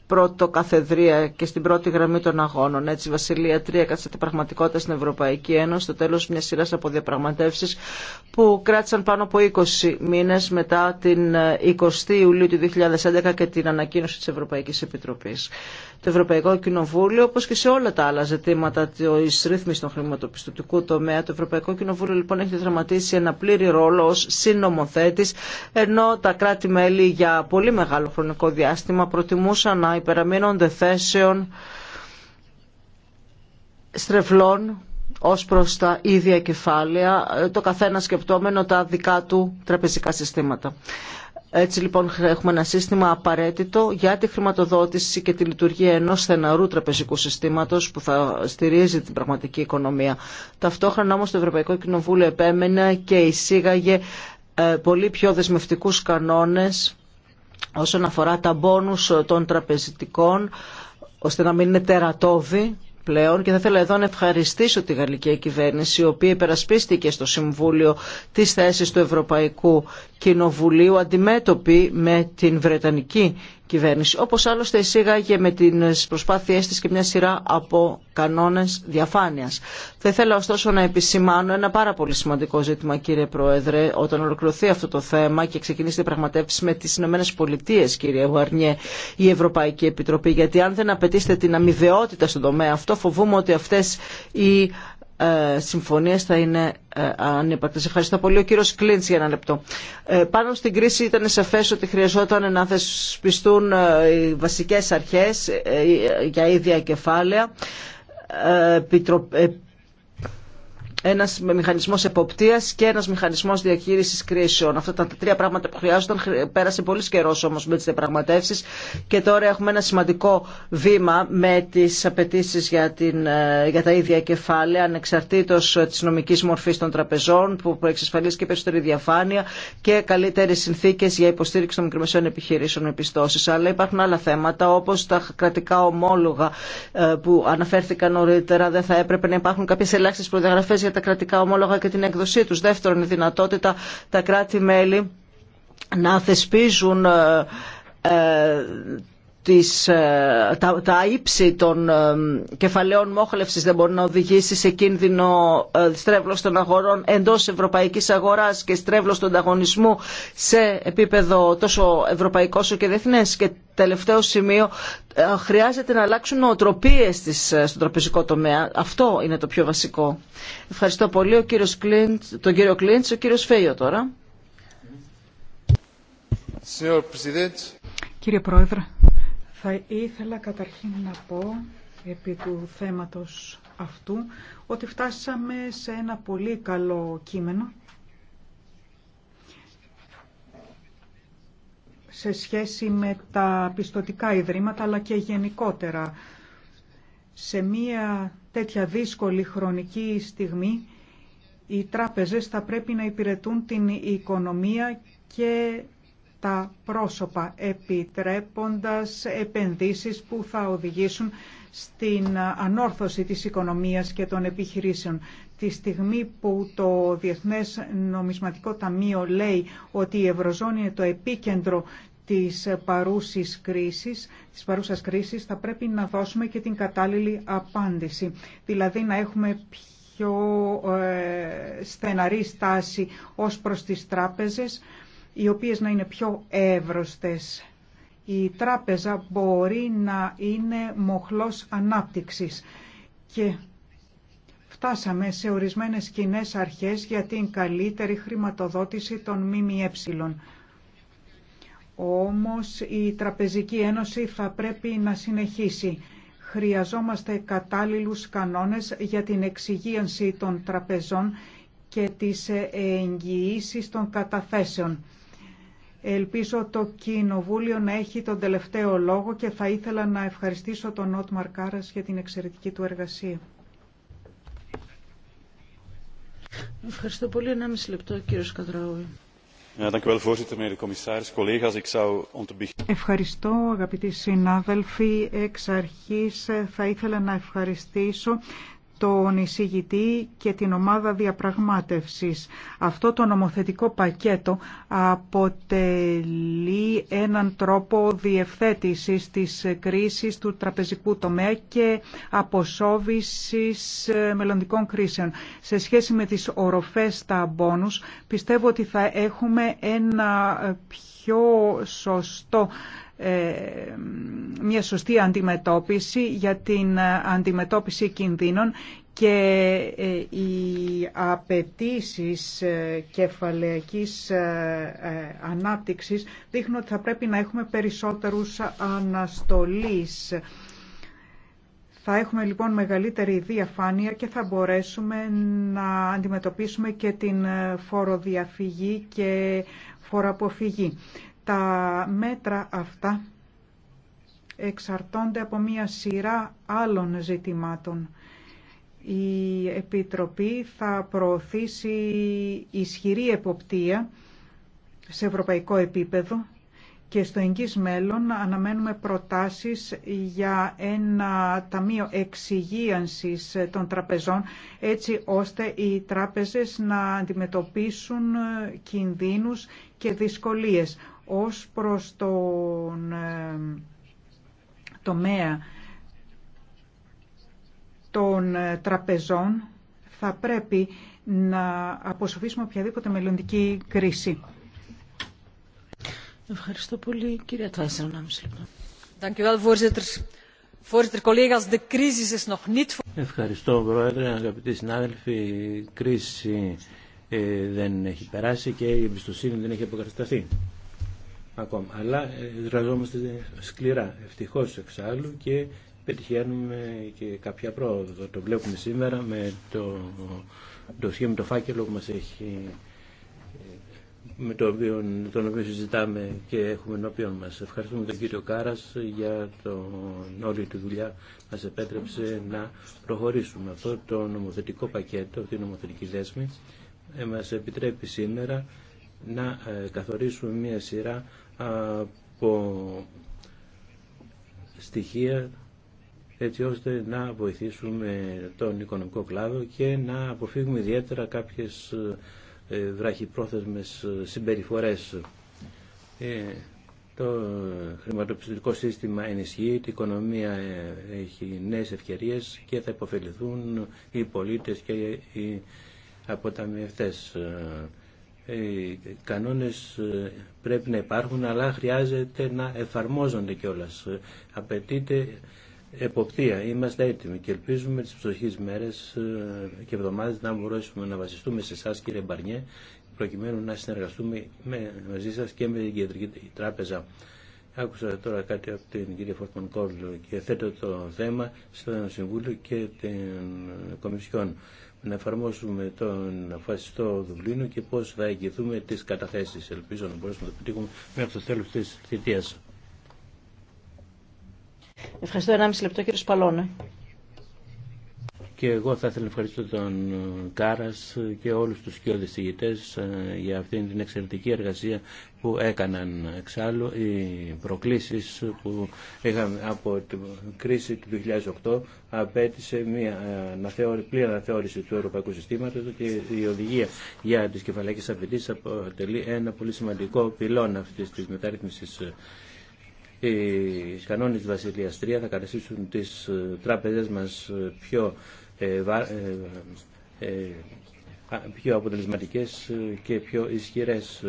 πρώτο καθεδρία και στην πρώτη γραμμή των αγώνων. Έτσι, η Βασιλεία 3 την πραγματικότητα στην Ευρωπαϊκή Ένωση στο τέλος μια σειρά από διαπραγματεύσει που κράτησαν πάνω από 20 μήνες μετά την 20η ε, Ιουλίου του 2011 και την ανακοίνωση της Ευρωπαϊκής Επιτροπής το Ευρωπαϊκό Κοινοβούλιο, όπως και σε όλα τα άλλα ζητήματα τη ρύθμιση των χρηματοπιστωτικού τομέα. Το Ευρωπαϊκό Κοινοβούλιο λοιπόν έχει δραματίσει ένα πλήρη ρόλο ω συνομοθέτη, ενώ τα κράτη-μέλη για πολύ μεγάλο χρονικό διάστημα προτιμούσαν να υπεραμείνονται θέσεων στρεβλών ως προς τα ίδια κεφάλαια, το καθένα σκεπτόμενο τα δικά του τραπεζικά συστήματα. Έτσι λοιπόν έχουμε ένα σύστημα απαραίτητο για τη χρηματοδότηση και τη λειτουργία ενός θεναρού τραπεζικού συστήματος που θα στηρίζει την πραγματική οικονομία. Ταυτόχρονα όμως το Ευρωπαϊκό Κοινοβούλιο επέμενε και εισήγαγε ε, πολύ πιο δεσμευτικούς κανόνες όσον αφορά τα μπόνους των τραπεζιτικών ώστε να μην είναι τερατώδη πλέον και θα ήθελα εδώ να ευχαριστήσω τη γαλλική κυβέρνηση η οποία υπερασπίστηκε στο Συμβούλιο τις θέσεις του Ευρωπαϊκού Κοινοβουλίου αντιμέτωπη με την Βρετανική κυβέρνηση. Όπως άλλωστε εισήγαγε με τις προσπάθειές της και μια σειρά από κανόνες διαφάνειας. Θα ήθελα ωστόσο να επισημάνω ένα πάρα πολύ σημαντικό ζήτημα κύριε Πρόεδρε όταν ολοκληρωθεί αυτό το θέμα και ξεκινήσει η πραγματεύση με τις Ηνωμένες Πολιτείες κύριε Βουαρνιέ η Ευρωπαϊκή Επιτροπή γιατί αν δεν απαιτήσετε την αμοιβαιότητα στον τομέα αυτό φοβούμαι ότι αυτέ οι ε, συμφωνίες θα είναι ε, ανύπαρκτες. Ευχαριστώ πολύ. Ο κύριος Κλίντς για ένα λεπτό. Ε, πάνω στην κρίση ήταν σαφές ότι χρειαζόταν να θεσπιστούν οι βασικές αρχές για ίδια κεφάλαια, ένα μηχανισμό εποπτείας και ένα μηχανισμό διαχείριση κρίσεων. Αυτά τα τρία πράγματα που χρειάζονταν πέρασε πολύ καιρό όμω με τι διαπραγματεύσει και τώρα έχουμε ένα σημαντικό βήμα με τι απαιτήσει για, ε, για τα ίδια κεφάλαια ανεξαρτήτως ε, τη νομική μορφή των τραπεζών που εξασφαλίζει και περισσότερη διαφάνεια και καλύτερε συνθήκε για υποστήριξη των μικρομεσαίων επιχειρήσεων πιστώσει. Αλλά υπάρχουν άλλα θέματα όπω τα κρατικά ομόλογα ε, που αναφέρθηκαν νωρίτερα δεν θα έπρεπε να υπάρχουν κάποιε ελάχιστε προδιαγραφές τα κρατικά ομόλογα και την έκδοσή τους. Δεύτερον, η δυνατότητα τα κράτη-μέλη να θεσπίζουν ε, ε, ε, τα, τα ύψη των ε, κεφαλαίων μόχλευσης δεν μπορεί να οδηγήσει σε κίνδυνο ε, στρέβλος των αγορών εντός ευρωπαϊκής αγοράς και στρέβλος του ανταγωνισμού σε επίπεδο τόσο ευρωπαϊκό όσο και διεθνές. Και τελευταίο σημείο, χρειάζεται να αλλάξουν νοοτροπίες της, στον τραπεζικό τομέα. Αυτό είναι το πιο βασικό. Ευχαριστώ πολύ τον κύριο Κλίντ, ο κύριος Φέιο τώρα. Κύριε Πρόεδρε, θα ήθελα καταρχήν να πω επί του θέματος αυτού ότι φτάσαμε σε ένα πολύ καλό κείμενο σε σχέση με τα πιστοτικά ιδρύματα αλλά και γενικότερα σε μία τέτοια δύσκολη χρονική στιγμή οι τράπεζες θα πρέπει να υπηρετούν την οικονομία και τα πρόσωπα, επιτρέποντας επενδύσεις που θα οδηγήσουν στην ανόρθωση της οικονομίας και των επιχειρήσεων. Τη στιγμή που το Διεθνές Νομισματικό Ταμείο λέει ότι η Ευρωζώνη είναι το επίκεντρο της παρούσης κρίσης, της παρούσας κρίσης θα πρέπει να δώσουμε και την κατάλληλη απάντηση. Δηλαδή να έχουμε πιο ε, στεναρή στάση ως προς τις τράπεζες, οι οποίες να είναι πιο εύρωστες. Η τράπεζα μπορεί να είναι μοχλός ανάπτυξης και φτάσαμε σε ορισμένες κοινέ αρχές για την καλύτερη χρηματοδότηση των ΜΜΕ. Όμως η Τραπεζική Ένωση θα πρέπει να συνεχίσει. Χρειαζόμαστε κατάλληλους κανόνες για την εξυγίανση των τραπεζών και τις εγγυήσεις των καταθέσεων. Ελπίζω το Κοινοβούλιο να έχει τον τελευταίο λόγο και θα ήθελα να ευχαριστήσω τον Νότ Μαρκάρας για την εξαιρετική του εργασία. Ευχαριστώ πολύ. Ένα μισή λεπτό, κύριο Σκαδράουι. Ευχαριστώ αγαπητοί συνάδελφοι. Εξ αρχής ε, θα ήθελα να ευχαριστήσω τον εισηγητή και την ομάδα διαπραγμάτευσης. Αυτό το νομοθετικό πακέτο αποτελεί έναν τρόπο διευθέτησης της κρίσης του τραπεζικού τομέα και αποσόβησης μελλοντικών κρίσεων. Σε σχέση με τις οροφές τα μπόνους, πιστεύω ότι θα έχουμε ένα πιο σωστό ε, μια σωστή αντιμετώπιση για την αντιμετώπιση κινδύνων και ε, οι απαιτήσει ε, κεφαλαιακής ανάπτυξης δείχνουν ότι θα πρέπει να έχουμε περισσότερους αναστολής. Θα έχουμε λοιπόν μεγαλύτερη διαφάνεια και θα μπορέσουμε να αντιμετωπίσουμε και την φοροδιαφυγή και φοροαποφυγή. Τα μέτρα αυτά εξαρτώνται από μία σειρά άλλων ζητημάτων. Η Επιτροπή θα προωθήσει ισχυρή εποπτεία σε ευρωπαϊκό επίπεδο και στο εγγύς μέλλον αναμένουμε προτάσεις για ένα ταμείο εξυγίανσης των τραπεζών έτσι ώστε οι τράπεζες να αντιμετωπίσουν κινδύνους και δυσκολίες ως προς τον ε, τομέα των ε, τραπεζών θα πρέπει να αποσοφήσουμε οποιαδήποτε μελλοντική κρίση. Ευχαριστώ πολύ. κύριε Τάισερ, λεπτό. Ευχαριστώ, Πρόεδρε. Αγαπητοί συνάδελφοι, η κρίση ε, δεν έχει περάσει και η εμπιστοσύνη δεν έχει αποκατασταθεί ακόμα. Αλλά ε, εργαζόμαστε σκληρά, ευτυχώς εξάλλου και πετυχαίνουμε και κάποια πρόοδο. Το βλέπουμε σήμερα με το, ντοσχέ το φάκελο που μας έχει ε, με το οποίο, τον οποίο συζητάμε και έχουμε ενώπιον μας. Ευχαριστούμε τον κύριο Κάρας για τον όλη τη δουλειά μας επέτρεψε να προχωρήσουμε. Αυτό το νομοθετικό πακέτο, αυτή η νομοθετική δέσμη, ε, μας επιτρέπει σήμερα να καθορίσουμε μια σειρά από στοιχεία έτσι ώστε να βοηθήσουμε τον οικονομικό κλάδο και να αποφύγουμε ιδιαίτερα κάποιες ε, βραχυπρόθεσμες συμπεριφορές. Ε, το χρηματοπιστωτικό σύστημα ενισχύει, η οικονομία ε, έχει νέες ευκαιρίες και θα υποφεληθούν οι πολίτες και οι αποταμιευτές οι ε, κανόνες ε, πρέπει να υπάρχουν αλλά χρειάζεται να εφαρμόζονται κιόλας. Ε, απαιτείται εποπτεία. Είμαστε έτοιμοι και ελπίζουμε τις ψωχείς μέρες και εβδομάδες να μπορέσουμε να βασιστούμε σε εσά κύριε Μπαρνιέ προκειμένου να συνεργαστούμε μαζί σας και με την Κεντρική Τράπεζα. Άκουσα τώρα κάτι από την κυρία Φορτμανκόλ και θέτω το θέμα στο Συμβούλιο και την Κομισιόν. Να εφαρμόσουμε τον αφασιστό Δουβλίνο και πώς θα εγγυηθούμε τις καταθέσεις. Ελπίζω να μπορέσουμε να το πετύχουμε μέχρι το τέλος της θητείας. Ευχαριστώ. 1,5 λεπτό κύριε Σπαλώνε. Και εγώ θα ήθελα να ευχαριστώ τον ε, Κάρας και όλους τους σκιώδες ηγητές ε, για αυτήν την εξαιρετική εργασία που έκαναν εξάλλου οι προκλήσεις που είχαμε από την κρίση του 2008 απέτησε μια ε, αναθεώρη, πλήρη αναθεώρηση του ευρωπαϊκού συστήματος και η οδηγία για τις κεφαλαϊκές απαιτήσεις αποτελεί ένα πολύ σημαντικό πυλόν αυτής της μεταρρύθμισης οι κανόνες της Βασιλείας 3 θα καταστήσουν τις τράπεζες μας πιο ε, ε, ε, πιο αποτελεσματικές και πιο ισχυρές,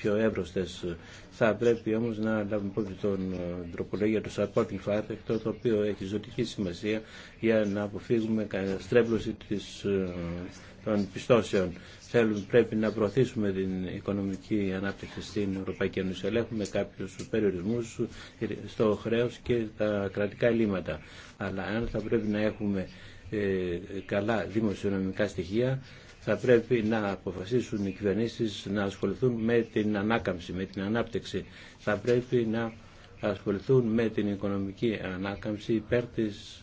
πιο εύρωστες. Θα πρέπει όμως να λάβουμε υπόψη τον τροπολογία του supporting factor, το οποίο έχει ζωτική σημασία για να αποφύγουμε στρέβλωση των πιστώσεων. Θέλουν, πρέπει να προωθήσουμε την οικονομική ανάπτυξη στην Ευρωπαϊκή Ένωση. Ελέγχουμε κάποιους περιορισμούς στο χρέος και τα κρατικά ελλείμματα. Αλλά αν θα πρέπει να έχουμε ε, ε, καλά δημοσιονομικά στοιχεία θα πρέπει να αποφασίσουν οι κυβερνήσεις να ασχοληθούν με την ανάκαμψη, με την ανάπτυξη. Θα πρέπει να ασχοληθούν με την οικονομική ανάκαμψη υπέρ της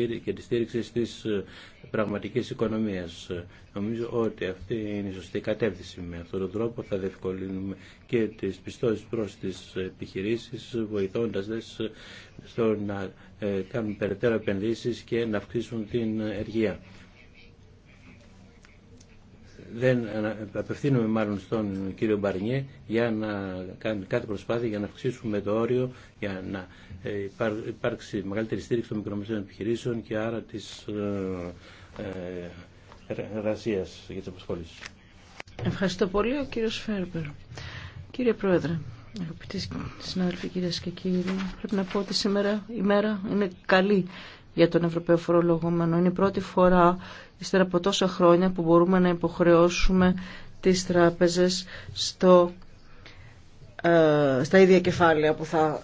ε, και τη στήριξη της ε, πραγματικής οικονομίας. Νομίζω ότι αυτή είναι η σωστή κατεύθυνση. Με αυτόν τον τρόπο θα διευκολύνουμε και τις πιστώσεις προς τις επιχειρήσεις, βοηθώντας τις ε, στο να κάνουν περαιτέρω επενδύσεις και να αυξήσουν την εργία δεν απευθύνουμε μάλλον στον κύριο Μπαρνιέ για να κάνει κάτι προσπάθεια για να αυξήσουμε το όριο για να ε, υπάρξει μεγαλύτερη στήριξη των μικρομεσαίων επιχειρήσεων και άρα της ε, ε, εργασίας για τις αποσχόλησεις. Ευχαριστώ πολύ ο κύριος Φέρμπερ. Κύριε Πρόεδρε, αγαπητοί συνάδελφοι κυρίε και κύριοι, πρέπει να πω ότι σήμερα η μέρα είναι καλή για τον Ευρωπαίο Φορολογούμενο. Είναι η πρώτη φορά ύστερα από τόσα χρόνια που μπορούμε να υποχρεώσουμε τις τράπεζες στο, ε, στα ίδια κεφάλαια που θα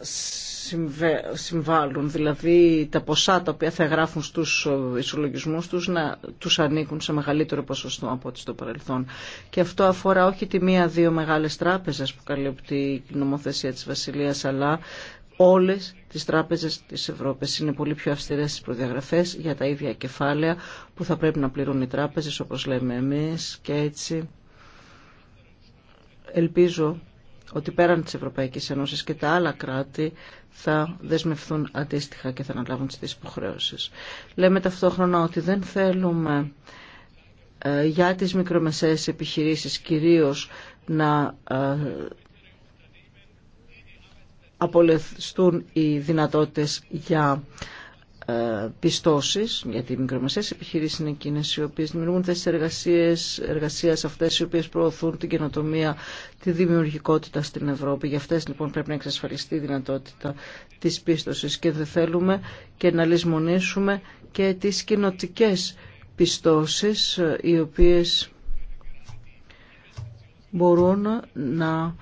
συμβάλλουν, δηλαδή τα ποσά τα οποία θα γράφουν στους ισολογισμούς τους να τους ανήκουν σε μεγαλύτερο ποσοστό από ό,τι στο παρελθόν. Και αυτό αφορά όχι τη μία-δύο μεγάλες τράπεζες που καλύπτει η νομοθεσία της Βασιλείας, αλλά όλες τις τράπεζες της Ευρώπης. Είναι πολύ πιο αυστηρές στις προδιαγραφές για τα ίδια κεφάλαια που θα πρέπει να πληρούν οι τράπεζες όπως λέμε εμείς και έτσι ελπίζω ότι πέραν της Ευρωπαϊκής Ένωσης και τα άλλα κράτη θα δεσμευθούν αντίστοιχα και θα αναλάβουν τις υποχρεώσεις. Λέμε ταυτόχρονα ότι δεν θέλουμε ε, για τις μικρομεσαίες επιχειρήσεις κυρίως να ε, απολευστούν οι δυνατότητες για ε, πιστώσεις, γιατί οι μικρομεσαίες επιχειρήσεις είναι εκείνες οι οποίες δημιουργούν θέσεις εργασίες, εργασίας αυτές οι οποίες προωθούν την καινοτομία, τη δημιουργικότητα στην Ευρώπη. Για αυτές λοιπόν πρέπει να εξασφαλιστεί η δυνατότητα της πίστοσης και δεν θέλουμε και να λησμονήσουμε και τις κοινοτικέ πιστώσεις ε, οι οποίες μπορούν να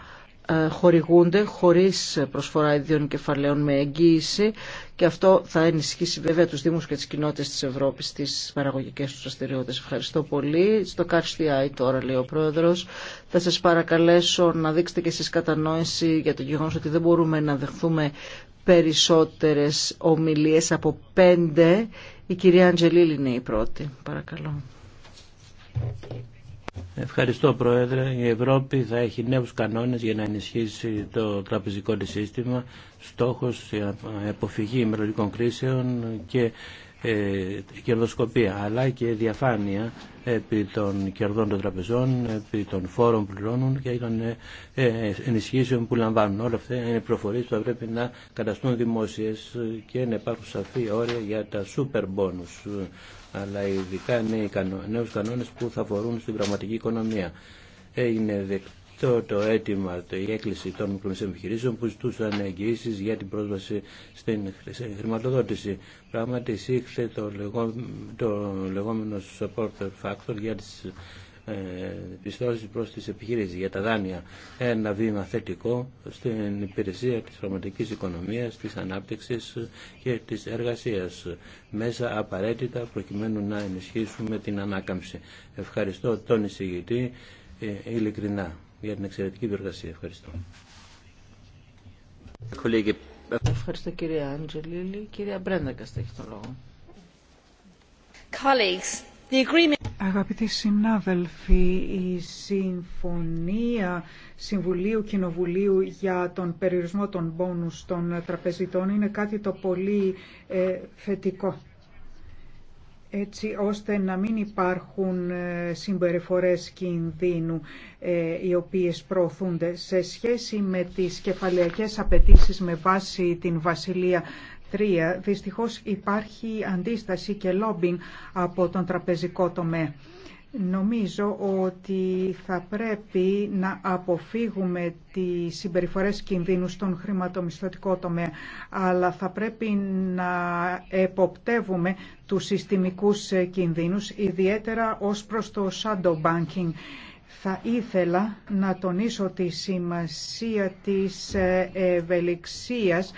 ε, χορηγούνται χωρίς προσφορά ιδιών κεφαλαίων με εγγύηση και αυτό θα ενισχύσει βέβαια τους Δήμους και τις κοινότητες της Ευρώπης στις παραγωγικές τους δραστηριότητες. Ευχαριστώ πολύ. Στο CarSTI τώρα λέει ο Πρόεδρος. Θα σας παρακαλέσω να δείξετε και εσείς κατανόηση για το γεγονός ότι δεν μπορούμε να δεχθούμε περισσότερες ομιλίες από πέντε. Η κυρία Αντζελίλη είναι η πρώτη. Παρακαλώ. Ευχαριστώ Πρόεδρε. Η Ευρώπη θα έχει νέους κανόνες για να ενισχύσει το τραπεζικό της σύστημα, στόχος η αποφυγή μελλοντικών κρίσεων και ε, κερδοσκοπία, αλλά και διαφάνεια επί των κερδών των τραπεζών, επί των φόρων που πληρώνουν και των ε, ε ενισχύσεων που λαμβάνουν. Όλα αυτά είναι προφορίες που θα πρέπει να καταστούν δημόσιες και να υπάρχουν σαφή όρια για τα super bonus αλλά ειδικά νέους κανόνες που θα αφορούν στην πραγματική οικονομία. Έγινε δεκτό το αίτημα, η έκκληση των μικρομεσαίων επιχειρήσεων που ζητούσαν εγγυήσεις για την πρόσβαση στην χρηματοδότηση. Πράγματι εισήχθε το, λεγόμενο support factor για τις ε, πιστώσεις προς τις επιχειρήσεις για τα δάνεια. Ένα βήμα θετικό στην υπηρεσία της πραγματική οικονομίας, της ανάπτυξης και της εργασίας. Μέσα απαραίτητα προκειμένου να ενισχύσουμε την ανάκαμψη. Ευχαριστώ τον εισηγητή ε, ειλικρινά για την εξαιρετική εργασία. Ευχαριστώ. Ευχαριστώ κυρία Αντζελίλη. Κυρία Μπρέντα το λόγο. Αγαπητοί συνάδελφοι, η Συμφωνία Συμβουλίου Κοινοβουλίου για τον περιορισμό των πόνους των τραπεζιτών είναι κάτι το πολύ ε, θετικό έτσι ώστε να μην υπάρχουν ε, συμπεριφορές κινδύνου ε, οι οποίες προωθούνται σε σχέση με τις κεφαλαιακές απαιτήσεις με βάση την Βασιλεία Δυστυχώ δυστυχώς υπάρχει αντίσταση και λόμπινγκ από τον τραπεζικό τομέα. Νομίζω ότι θα πρέπει να αποφύγουμε τις συμπεριφορές κινδύνου στον χρηματομισθωτικό τομέα, αλλά θα πρέπει να εποπτεύουμε τους συστημικούς κινδύνους, ιδιαίτερα ως προς το shadow banking. Θα ήθελα να τονίσω τη σημασία της ευελιξίας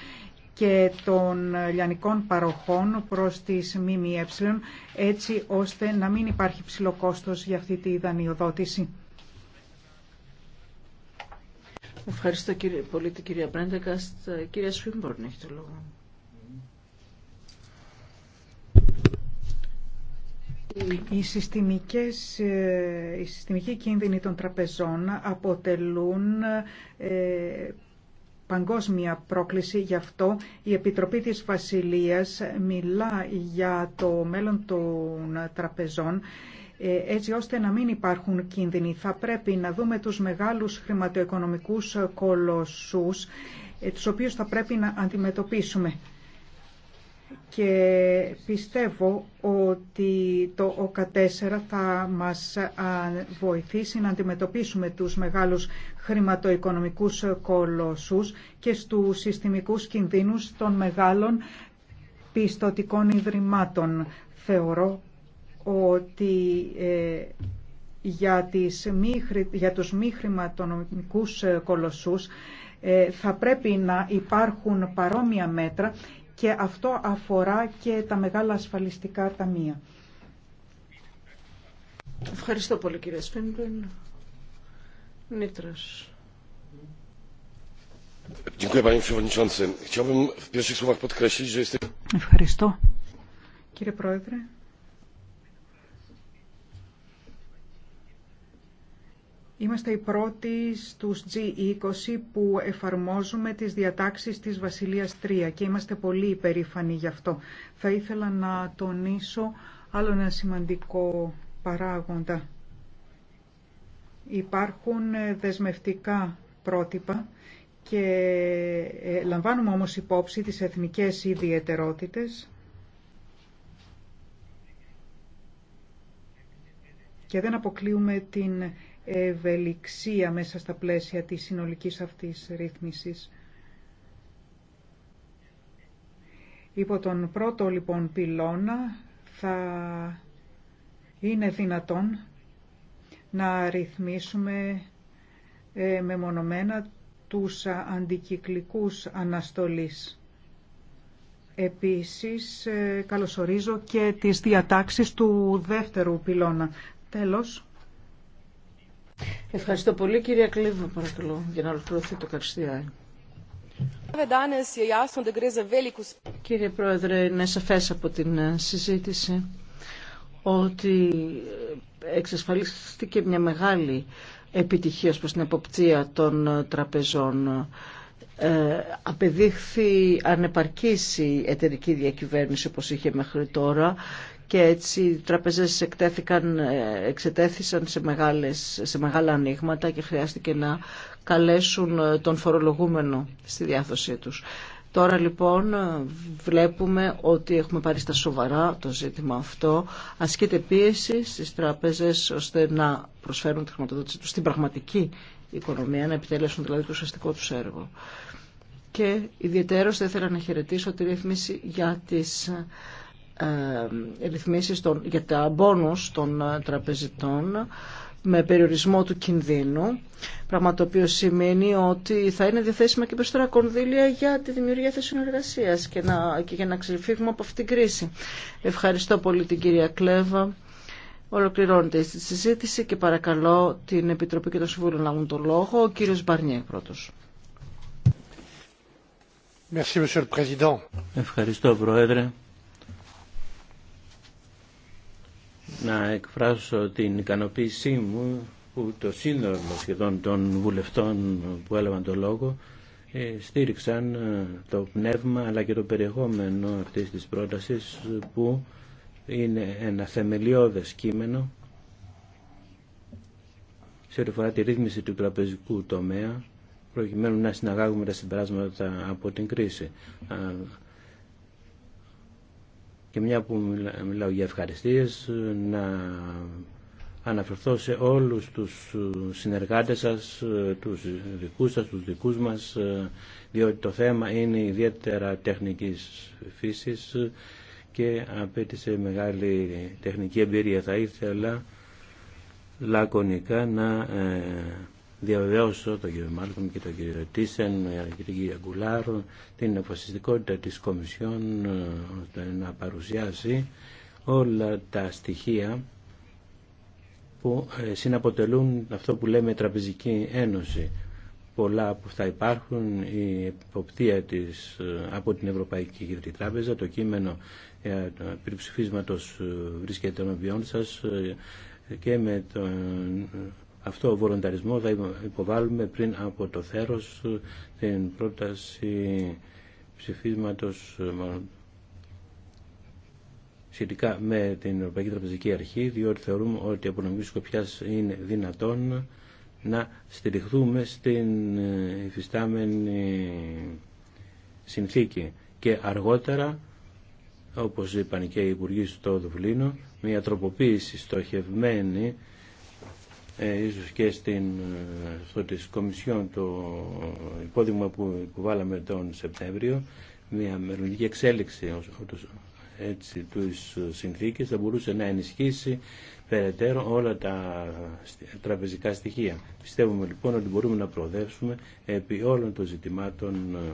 και των λιανικών παροχών προς τις ΜΜΕ έτσι ώστε να μην υπάρχει ψηλό κόστος για αυτή τη δανειοδότηση. Ευχαριστώ κύριε, πολύ την κυρία Πρέντεκαστ. Κυρία Σφίμπορν έχει το λόγο. Οι, συστημικές, ε, οι συστημικοί κίνδυνοι των τραπεζών αποτελούν ε, παγκόσμια πρόκληση, γι' αυτό η Επιτροπή της Βασιλείας μιλά για το μέλλον των τραπεζών ε, έτσι ώστε να μην υπάρχουν κίνδυνοι. Θα πρέπει να δούμε τους μεγάλους χρηματοοικονομικούς κολοσσούς, ε, τους οποίους θα πρέπει να αντιμετωπίσουμε και πιστεύω ότι το ΟΚΑ4 θα μας βοηθήσει να αντιμετωπίσουμε τους μεγάλους χρηματοοικονομικούς κολοσσούς και στους συστημικούς κινδύνους των μεγάλων πιστοτικών ιδρυμάτων. Θεωρώ ότι ε, για, τις μη, για τους μη χρηματοοικονομικούς κολοσσούς ε, θα πρέπει να υπάρχουν παρόμοια μέτρα και αυτό αφορά και τα μεγάλα ασφαλιστικά ταμεία. Ευχαριστώ πολύ κύριε Σπίνμπεν. Νίτρος. Ευχαριστώ κύριε Πρόεδρε. Είμαστε οι πρώτοι στους G20 που εφαρμόζουμε τις διατάξεις της Βασιλείας 3 και είμαστε πολύ υπερήφανοι γι' αυτό. Θα ήθελα να τονίσω άλλο ένα σημαντικό παράγοντα. Υπάρχουν δεσμευτικά πρότυπα και ε, λαμβάνουμε όμως υπόψη τις εθνικές ιδιαιτερότητες και δεν αποκλείουμε την ευελιξία μέσα στα πλαίσια της συνολικής αυτής ρύθμισης. Υπό τον πρώτο λοιπόν πυλώνα θα είναι δυνατόν να ρυθμίσουμε ε, μεμονωμένα τους αντικυκλικούς αναστολής. Επίσης, ε, καλωσορίζω και τις διατάξεις του δεύτερου πυλώνα. Τέλος, Ευχαριστώ πολύ κύριε Κλίβα παρακαλώ για να ολοκληρωθεί το καρστιάρι. Κύριε Πρόεδρε, είναι σαφές από την ε, συζήτηση ότι εξασφαλίστηκε μια μεγάλη επιτυχία προς την εποπτεία των ε, τραπεζών. Ε, απεδείχθη ανεπαρκής η εταιρική διακυβέρνηση όπως είχε μέχρι τώρα και έτσι οι τραπεζές εκτέθηκαν, ε, εξετέθησαν σε, μεγάλες, σε μεγάλα ανοίγματα και χρειάστηκε να καλέσουν ε, τον φορολογούμενο στη διάθεσή τους. Τώρα λοιπόν ε, βλέπουμε ότι έχουμε πάρει στα σοβαρά το ζήτημα αυτό. Ασκείται πίεση στις τράπεζες ώστε να προσφέρουν τη χρηματοδότηση τους στην πραγματική οικονομία, να επιτελέσουν δηλαδή το ουσιαστικό τους έργο. Και ιδιαίτερως θα ήθελα να χαιρετήσω τη ρύθμιση για τις ε, ρυθμίσεις των, για τα μπόνους των ε, τραπεζιτών με περιορισμό του κινδύνου, πράγμα το οποίο σημαίνει ότι θα είναι διαθέσιμα και περισσότερα κονδύλια για τη δημιουργία θέσεων και, και για να ξεφύγουμε από αυτήν την κρίση. Ευχαριστώ πολύ την κυρία Κλέβα. Ολοκληρώνεται η συζήτηση και παρακαλώ την Επιτροπή και το Συμβούλιο να έχουν το λόγο. Ο κύριος Μπαρνιέ πρώτος. Ευχαριστώ, Πρόεδρε. να εκφράσω την ικανοποίησή μου που το σύνολο σχεδόν των βουλευτών που έλαβαν το λόγο ε, στήριξαν ε, το πνεύμα αλλά και το περιεχόμενο αυτής της πρότασης που είναι ένα θεμελιώδες κείμενο σε ό,τι αφορά τη ρύθμιση του τραπεζικού τομέα προκειμένου να συναγάγουμε τα συμπεράσματα από την κρίση. Και μια που μιλάω για ευχαριστίες, να αναφερθώ σε όλους τους ε, συνεργάτες σας, ε, τους δικούς σας, τους δικούς μας, ε, διότι το θέμα είναι ιδιαίτερα τεχνικής φύσης και απέτησε μεγάλη τεχνική εμπειρία. Θα ήθελα λακωνικά να διαβεβαιώσω τον κύριο Μάλκομ και τον κύριο Τίσεν ε, και την κύριο την αποφασιστικότητα της Κομισιόν ώστε να παρουσιάσει όλα τα στοιχεία που ε, συναποτελούν αυτό που λέμε τραπεζική ένωση. Πολλά που αυτά υπάρχουν, η υποπτία της ε, από την Ευρωπαϊκή Κεντρική Τράπεζα, το κείμενο περιψηφίσματος βρίσκεται των βιών σας και με τον αυτό ο βολονταρισμό θα υποβάλουμε πριν από το θέρος ε, την πρόταση ψηφίσματος ε, σχετικά με την Ευρωπαϊκή Τραπεζική Αρχή, διότι θεωρούμε ότι από νομική σκοπιά είναι δυνατόν να στηριχθούμε στην ε, υφιστάμενη συνθήκη και αργότερα όπως είπαν και οι Υπουργοί στο Δουβλίνο, μια τροποποίηση στοχευμένη ε, ίσως και στην, ε, στο της Κομισιόν το υπόδειγμα που, που βάλαμε τον Σεπτέμβριο μια μελλοντική εξέλιξη έτσι, τους συνθήκες θα μπορούσε να ενισχύσει περαιτέρω όλα τα τραπεζικά στοιχεία. Πιστεύουμε λοιπόν ότι μπορούμε να προοδεύσουμε επί όλων των ζητημάτων ε,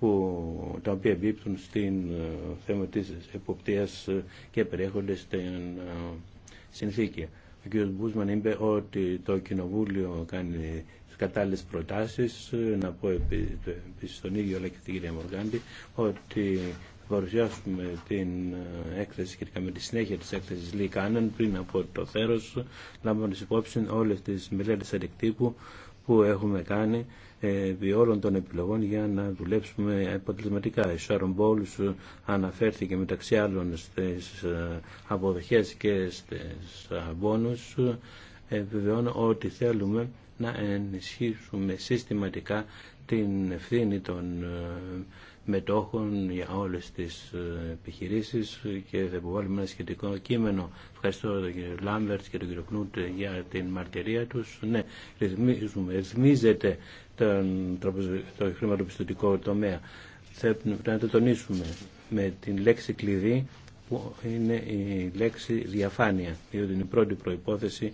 που, τα οποία εμπίπτουν στην ε, θέμα της εποπτείας και περιέχονται στην συνθήκη ο κ. Μπούσμαν είπε ότι το Κοινοβούλιο κάνει τι κατάλληλε προτάσεις. Να πω επίσης στον ίδιο αλλά και την κυρία Μοργάντη ότι θα παρουσιάσουμε την ε, έκθεση σχετικά με τη συνέχεια της έκθεσης Lee πριν από το θέρος, λάμβανε υπόψη όλες τις μελέτε αντικτύπου που έχουμε κάνει επί όλων των επιλογών για να δουλέψουμε αποτελεσματικά. Η Σάρων αναφέρθηκε μεταξύ άλλων στις ε, αποδοχές και στις μπόνους. Ε, Επιβεβαιώνω ότι θέλουμε να ενισχύσουμε συστηματικά την ευθύνη των ε, μετόχων για όλες τις επιχειρήσεις και θα υποβάλουμε ένα σχετικό κείμενο. Ευχαριστώ τον κύριο Λάμπερτ και τον κύριο Κνούτ για την μαρτυρία τους. Ναι, ρυθμίζεται το χρηματοπιστωτικό τομέα. Θα πρέπει να το τονίσουμε με την λέξη κλειδί που είναι η λέξη διαφάνεια, διότι είναι η πρώτη προϋπόθεση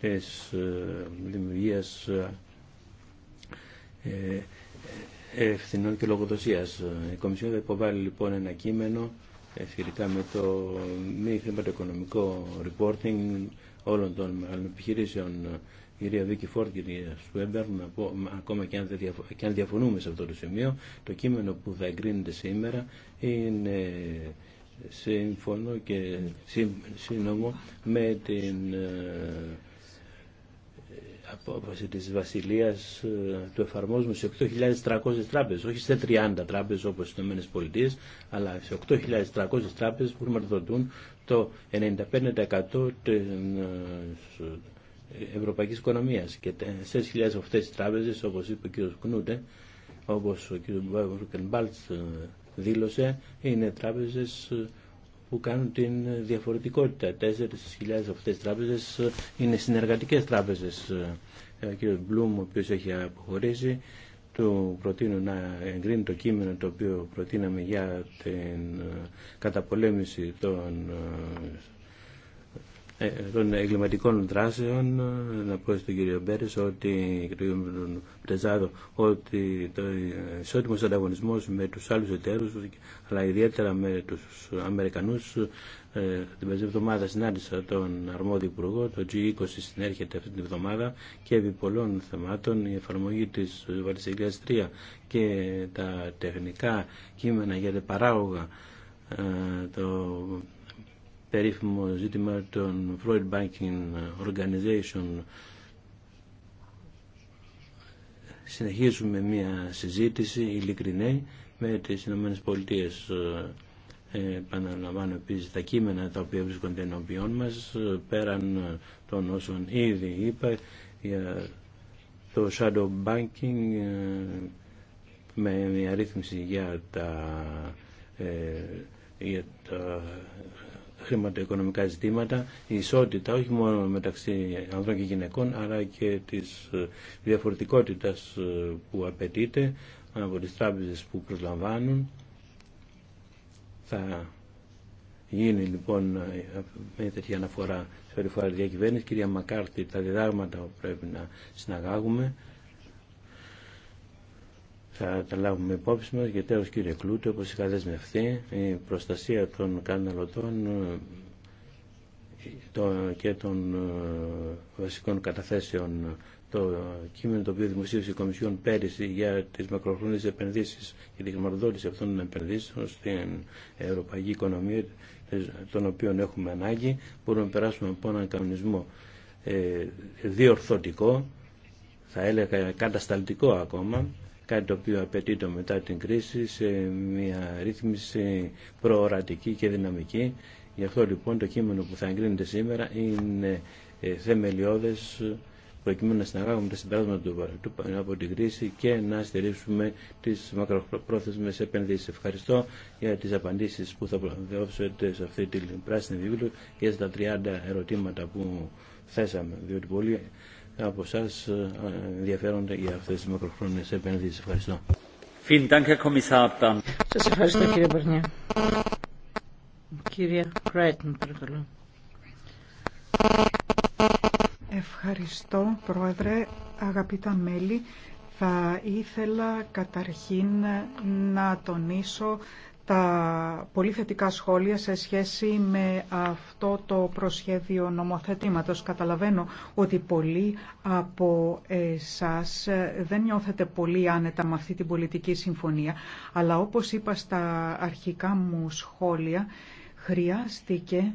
της ε, δημιουργίας ε, ε, ευθυνών και λογοδοσίας. Η Κομισιόν θα υποβάλει λοιπόν ένα κείμενο σχετικά με το μη χρηματοοικονομικό reporting όλων των επιχειρήσεων κυρία Βίκη Φόρτ κυρία Σουέμπερ, να πω ακόμα και αν, διαφωνούμε σε αυτό το σημείο, το κείμενο που θα εγκρίνεται σήμερα είναι σύμφωνο και σύνομο με την ε, απόφαση της Βασιλείας ε, του εφαρμόζουμε σε 8.300 τράπεζες, όχι σε 30 τράπεζες όπως στις Πολιτείες, αλλά σε 8.300 τράπεζες που χρηματοδοτούν το 95% Ευρωπαϊκή Οικονομία και 4.000 αυτέ τράπεζε, τράπεζες όπως είπε ο κ. Κνούτε όπω ο κ. Μπάλτς ε, δήλωσε είναι τράπεζε ε, που κάνουν την διαφορετικότητα. 4.000 αυτέ τράπεζε τράπεζες ε, είναι συνεργατικέ τράπεζε. Ο κ. Μπλουμ, ο οποίο έχει αποχωρήσει, του προτείνω να εγκρίνει το κείμενο το οποίο προτείναμε για την καταπολέμηση των ε, των εγκληματικών δράσεων ε, να πω στον κύριο Μπέρες ότι, και τον κύριο Πρεζάδο ότι το ισότιμος ανταγωνισμός με τους άλλους εταίρους αλλά ιδιαίτερα με τους Αμερικανούς ε, την περσμένη εβδομάδα συνάντησα τον αρμόδιο υπουργό, το G20 συνέρχεται αυτή την εβδομάδα και επί πολλών θεμάτων η εφαρμογή της Βαρυσεγγίας 3 και τα τεχνικά κείμενα για τα παράγωγα το περίφημο ζήτημα των Freud Banking Organization συνεχίζουμε μια συζήτηση ειλικρινή με τις Ηνωμένες Πολιτείες ε, επαναλαμβάνω επίσης τα κείμενα τα οποία βρίσκονται ενώπιόν μας πέραν των όσων ήδη είπα για το shadow banking ε, με μια ρύθμιση για τα, ε, για τα χρηματοοικονομικά ζητήματα, η ισότητα όχι μόνο μεταξύ ανδρών και γυναικών, αλλά και της ε, διαφορετικότητας ε, που απαιτείται από τις τράπεζες που προσλαμβάνουν. Θα γίνει λοιπόν ε, μια τέτοια αναφορά σε περιφορά διακυβέρνηση. Κυρία Μακάρτη, τα διδάγματα που πρέπει να συναγάγουμε θα τα λάβουμε υπόψη μας γιατί ως κύριε Κλούτο όπως είχα δεσμευθεί η προστασία των καταναλωτών και των ε, βασικών καταθέσεων το κείμενο το οποίο δημοσίευσε η Κομισιόν πέρυσι για τι μακροχρόνιες επενδύσεις και τη χρηματοδότηση αυτών των επενδύσεων στην ευρωπαϊκή οικονομία ε, των οποίων έχουμε ανάγκη μπορούμε να περάσουμε από έναν κανονισμό ε, διορθωτικό θα έλεγα κατασταλτικό ακόμα κάτι το οποίο απαιτείται μετά την κρίση σε μια ρύθμιση προορατική και δυναμική. Γι' αυτό λοιπόν το κείμενο που θα εγκρίνεται σήμερα είναι ε, θεμελιώδες προκειμένου να συναγάγουμε τα συμπεράσματα του, από την κρίση και να στηρίξουμε τις μακροπρόθεσμες επενδύσεις. Ευχαριστώ για τις απαντήσεις που θα δώσετε σε αυτή την πράσινη βιβλία και στα 30 ερωτήματα που θέσαμε, διότι πολύ από εσά ε, ενδιαφέρονται για αυτές τις μακροχρόνιες επενδύσεις. Ευχαριστώ. Σα ευχαριστώ κύριε Μπαρνιά. Κύριε Κράιτν, παρακαλώ. Ευχαριστώ, Πρόεδρε. Αγαπητά μέλη, θα ήθελα καταρχήν να τονίσω τα πολύ θετικά σχόλια σε σχέση με αυτό το προσχέδιο νομοθετήματος. Καταλαβαίνω ότι πολλοί από εσάς δεν νιώθετε πολύ άνετα με αυτή την πολιτική συμφωνία, αλλά όπως είπα στα αρχικά μου σχόλια, χρειάστηκε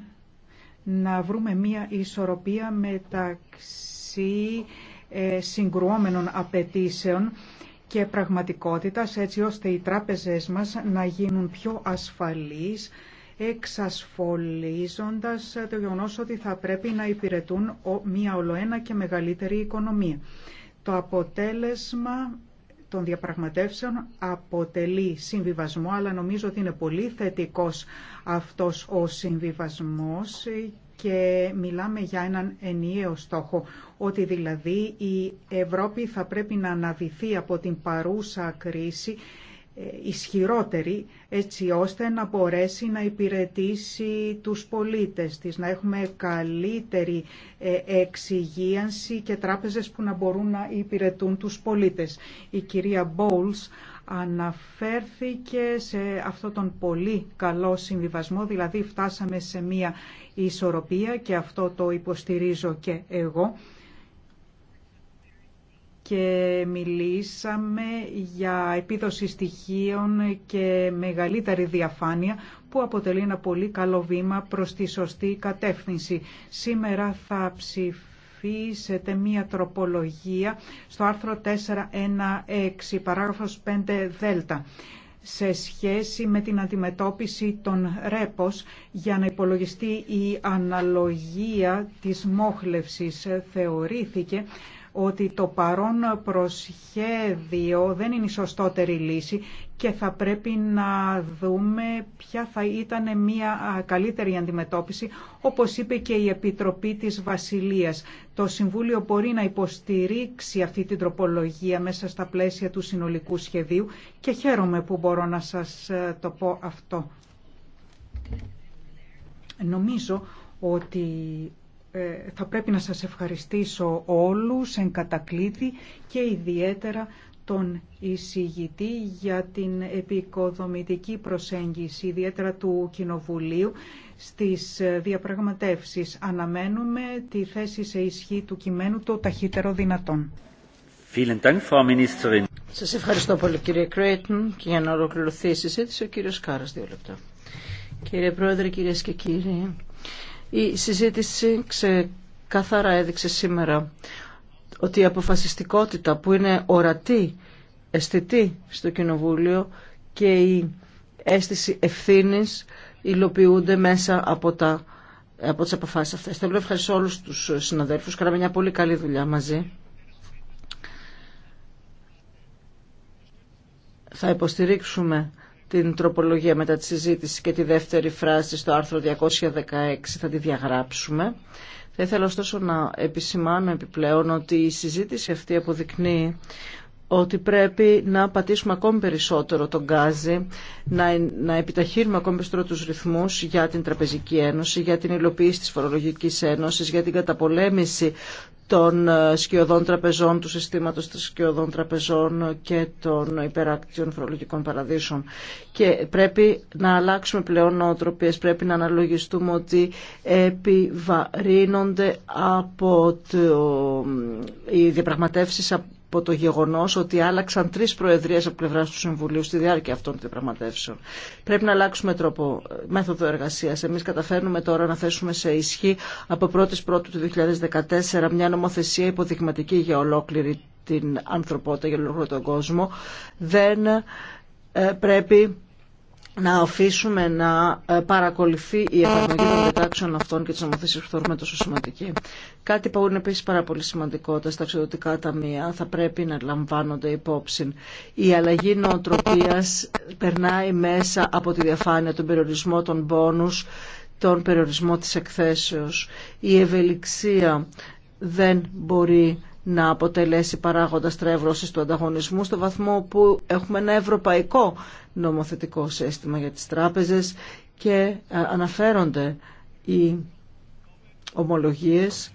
να βρούμε μία ισορροπία μεταξύ ε, συγκρουόμενων απαιτήσεων και πραγματικότητας έτσι ώστε οι τράπεζές μας να γίνουν πιο ασφαλείς εξασφολίζοντας το γεγονό ότι θα πρέπει να υπηρετούν μια ολοένα και μεγαλύτερη οικονομία. Το αποτέλεσμα των διαπραγματεύσεων αποτελεί συμβιβασμό, αλλά νομίζω ότι είναι πολύ θετικός αυτός ο συμβιβασμός και μιλάμε για έναν ενιαίο στόχο, ότι δηλαδή η Ευρώπη θα πρέπει να αναδυθεί από την παρούσα κρίση ε, ισχυρότερη έτσι ώστε να μπορέσει να υπηρετήσει τους πολίτες της, να έχουμε καλύτερη ε, εξυγίανση και τράπεζες που να μπορούν να υπηρετούν τους πολίτες. Η κυρία Μπόλς αναφέρθηκε σε αυτό τον πολύ καλό συμβιβασμό, δηλαδή φτάσαμε σε μία ισορροπία και αυτό το υποστηρίζω και εγώ. Και μιλήσαμε για επίδοση στοιχείων και μεγαλύτερη διαφάνεια που αποτελεί ένα πολύ καλό βήμα προς τη σωστή κατεύθυνση. Σήμερα θα ψηφίσετε μία τροπολογία στο άρθρο 416, παράγραφος 5 Δέλτα σε σχέση με την αντιμετώπιση των ρέπος για να υπολογιστεί η αναλογία της μόχλευσης θεωρήθηκε ότι το παρόν προσχέδιο δεν είναι η σωστότερη λύση και θα πρέπει να δούμε ποια θα ήταν μια καλύτερη αντιμετώπιση, όπως είπε και η Επιτροπή της Βασιλείας. Το Συμβούλιο μπορεί να υποστηρίξει αυτή την τροπολογία μέσα στα πλαίσια του συνολικού σχεδίου και χαίρομαι που μπορώ να σας ε, το πω αυτό. Νομίζω ότι ε, θα πρέπει να σας ευχαριστήσω όλους εν κατακλείδη και ιδιαίτερα τον εισηγητή για την επικοδομητική προσέγγιση, ιδιαίτερα του Κοινοβουλίου, στις διαπραγματεύσεις. Αναμένουμε τη θέση σε ισχύ του κειμένου το ταχύτερο δυνατόν. Σας ευχαριστώ πολύ κύριε Κρέιτν και για να ολοκληρωθεί η συζήτηση ο κύριος Κάρας δύο λεπτά. Κύριε Πρόεδρε, κυρίες και κύριοι, η συζήτηση ξεκαθαρά έδειξε σήμερα ότι η αποφασιστικότητα που είναι ορατή, αισθητή στο Κοινοβούλιο και η αίσθηση ευθύνης υλοποιούνται μέσα από τα από τις αποφάσεις αυτές. Θέλω να ευχαριστήσω όλους τους συναδέλφους. Κάναμε μια πολύ καλή δουλειά μαζί. Θα υποστηρίξουμε την τροπολογία μετά τη συζήτηση και τη δεύτερη φράση στο άρθρο 216 θα τη διαγράψουμε. Θα ήθελα ωστόσο να επισημάνω επιπλέον ότι η συζήτηση αυτή αποδεικνύει ότι πρέπει να πατήσουμε ακόμη περισσότερο τον γκάζι, να, να επιταχύνουμε ακόμη περισσότερο τους ρυθμούς για την Τραπεζική Ένωση, για την υλοποίηση της Φορολογικής Ένωσης, για την καταπολέμηση των ε, σκιωδών τραπεζών, του συστήματος των σκιωδών τραπεζών και των υπεράκτιων φορολογικών παραδείσων. Και πρέπει να αλλάξουμε πλέον νοοτροπίες, πρέπει να αναλογιστούμε ότι επιβαρύνονται από το... οι διαπραγματεύσεις από το γεγονό ότι άλλαξαν τρει προεδρίε από πλευρά του Συμβουλίου στη διάρκεια αυτών των διαπραγματεύσεων. Πρέπει να αλλάξουμε τρόπο, μέθοδο εργασία. Εμεί καταφέρνουμε τώρα να θέσουμε σε ισχύ από 1η Πρώτου του 2014 μια νομοθεσία υποδειγματική για ολόκληρη την ανθρωπότητα, για ολόκληρο τον κόσμο. Δεν ε, πρέπει να αφήσουμε να ε, παρακολουθεί η εφαρμογή των μετάξεων αυτών και τις νομοθεσία που θεωρούμε τόσο σημαντική. Κάτι που είναι επίση πάρα πολύ σημαντικό, τα σταξιδοτικά ταμεία θα πρέπει να λαμβάνονται υπόψη. Η αλλαγή νοοτροπία περνάει μέσα από τη διαφάνεια, τον περιορισμό των πόνου, τον περιορισμό της εκθέσεως. Η ευελιξία δεν μπορεί να αποτελέσει παράγοντα τρεύρωση του ανταγωνισμού στο βαθμό που έχουμε ένα ευρωπαϊκό νομοθετικό σύστημα για τις τράπεζες και ε, αναφέρονται οι ομολογίες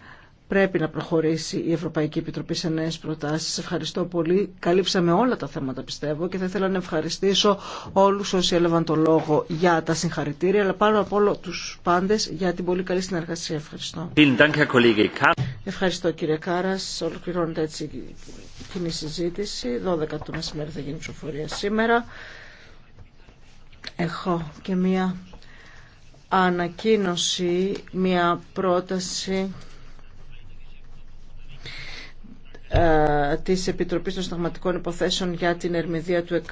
πρέπει να προχωρήσει η Ευρωπαϊκή Επιτροπή σε νέε προτάσει. Ευχαριστώ πολύ. Καλύψαμε όλα τα θέματα πιστεύω και θα ήθελα να ευχαριστήσω όλου όσοι έλαβαν το λόγο για τα συγχαρητήρια αλλά πάνω απ' όλο του πάντε για την πολύ καλή συνεργασία. Ευχαριστώ. Ευχαριστώ κύριε Κάρα, Ολοκληρώνεται έτσι η κοινή συζήτηση. 12 του μεσημέρι θα γίνει ψηφοφορία σήμερα. Έχω και μία ανακοίνωση, μία πρόταση ε, της Επιτροπής των Σταγματικών Υποθέσεων για την Ερμηδία του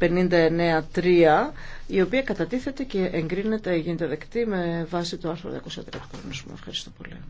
159.3 η οποία κατατίθεται και εγκρίνεται, γίνεται δεκτή με βάση το άρθρο 203 του κανονισμού. Ευχαριστώ πολύ.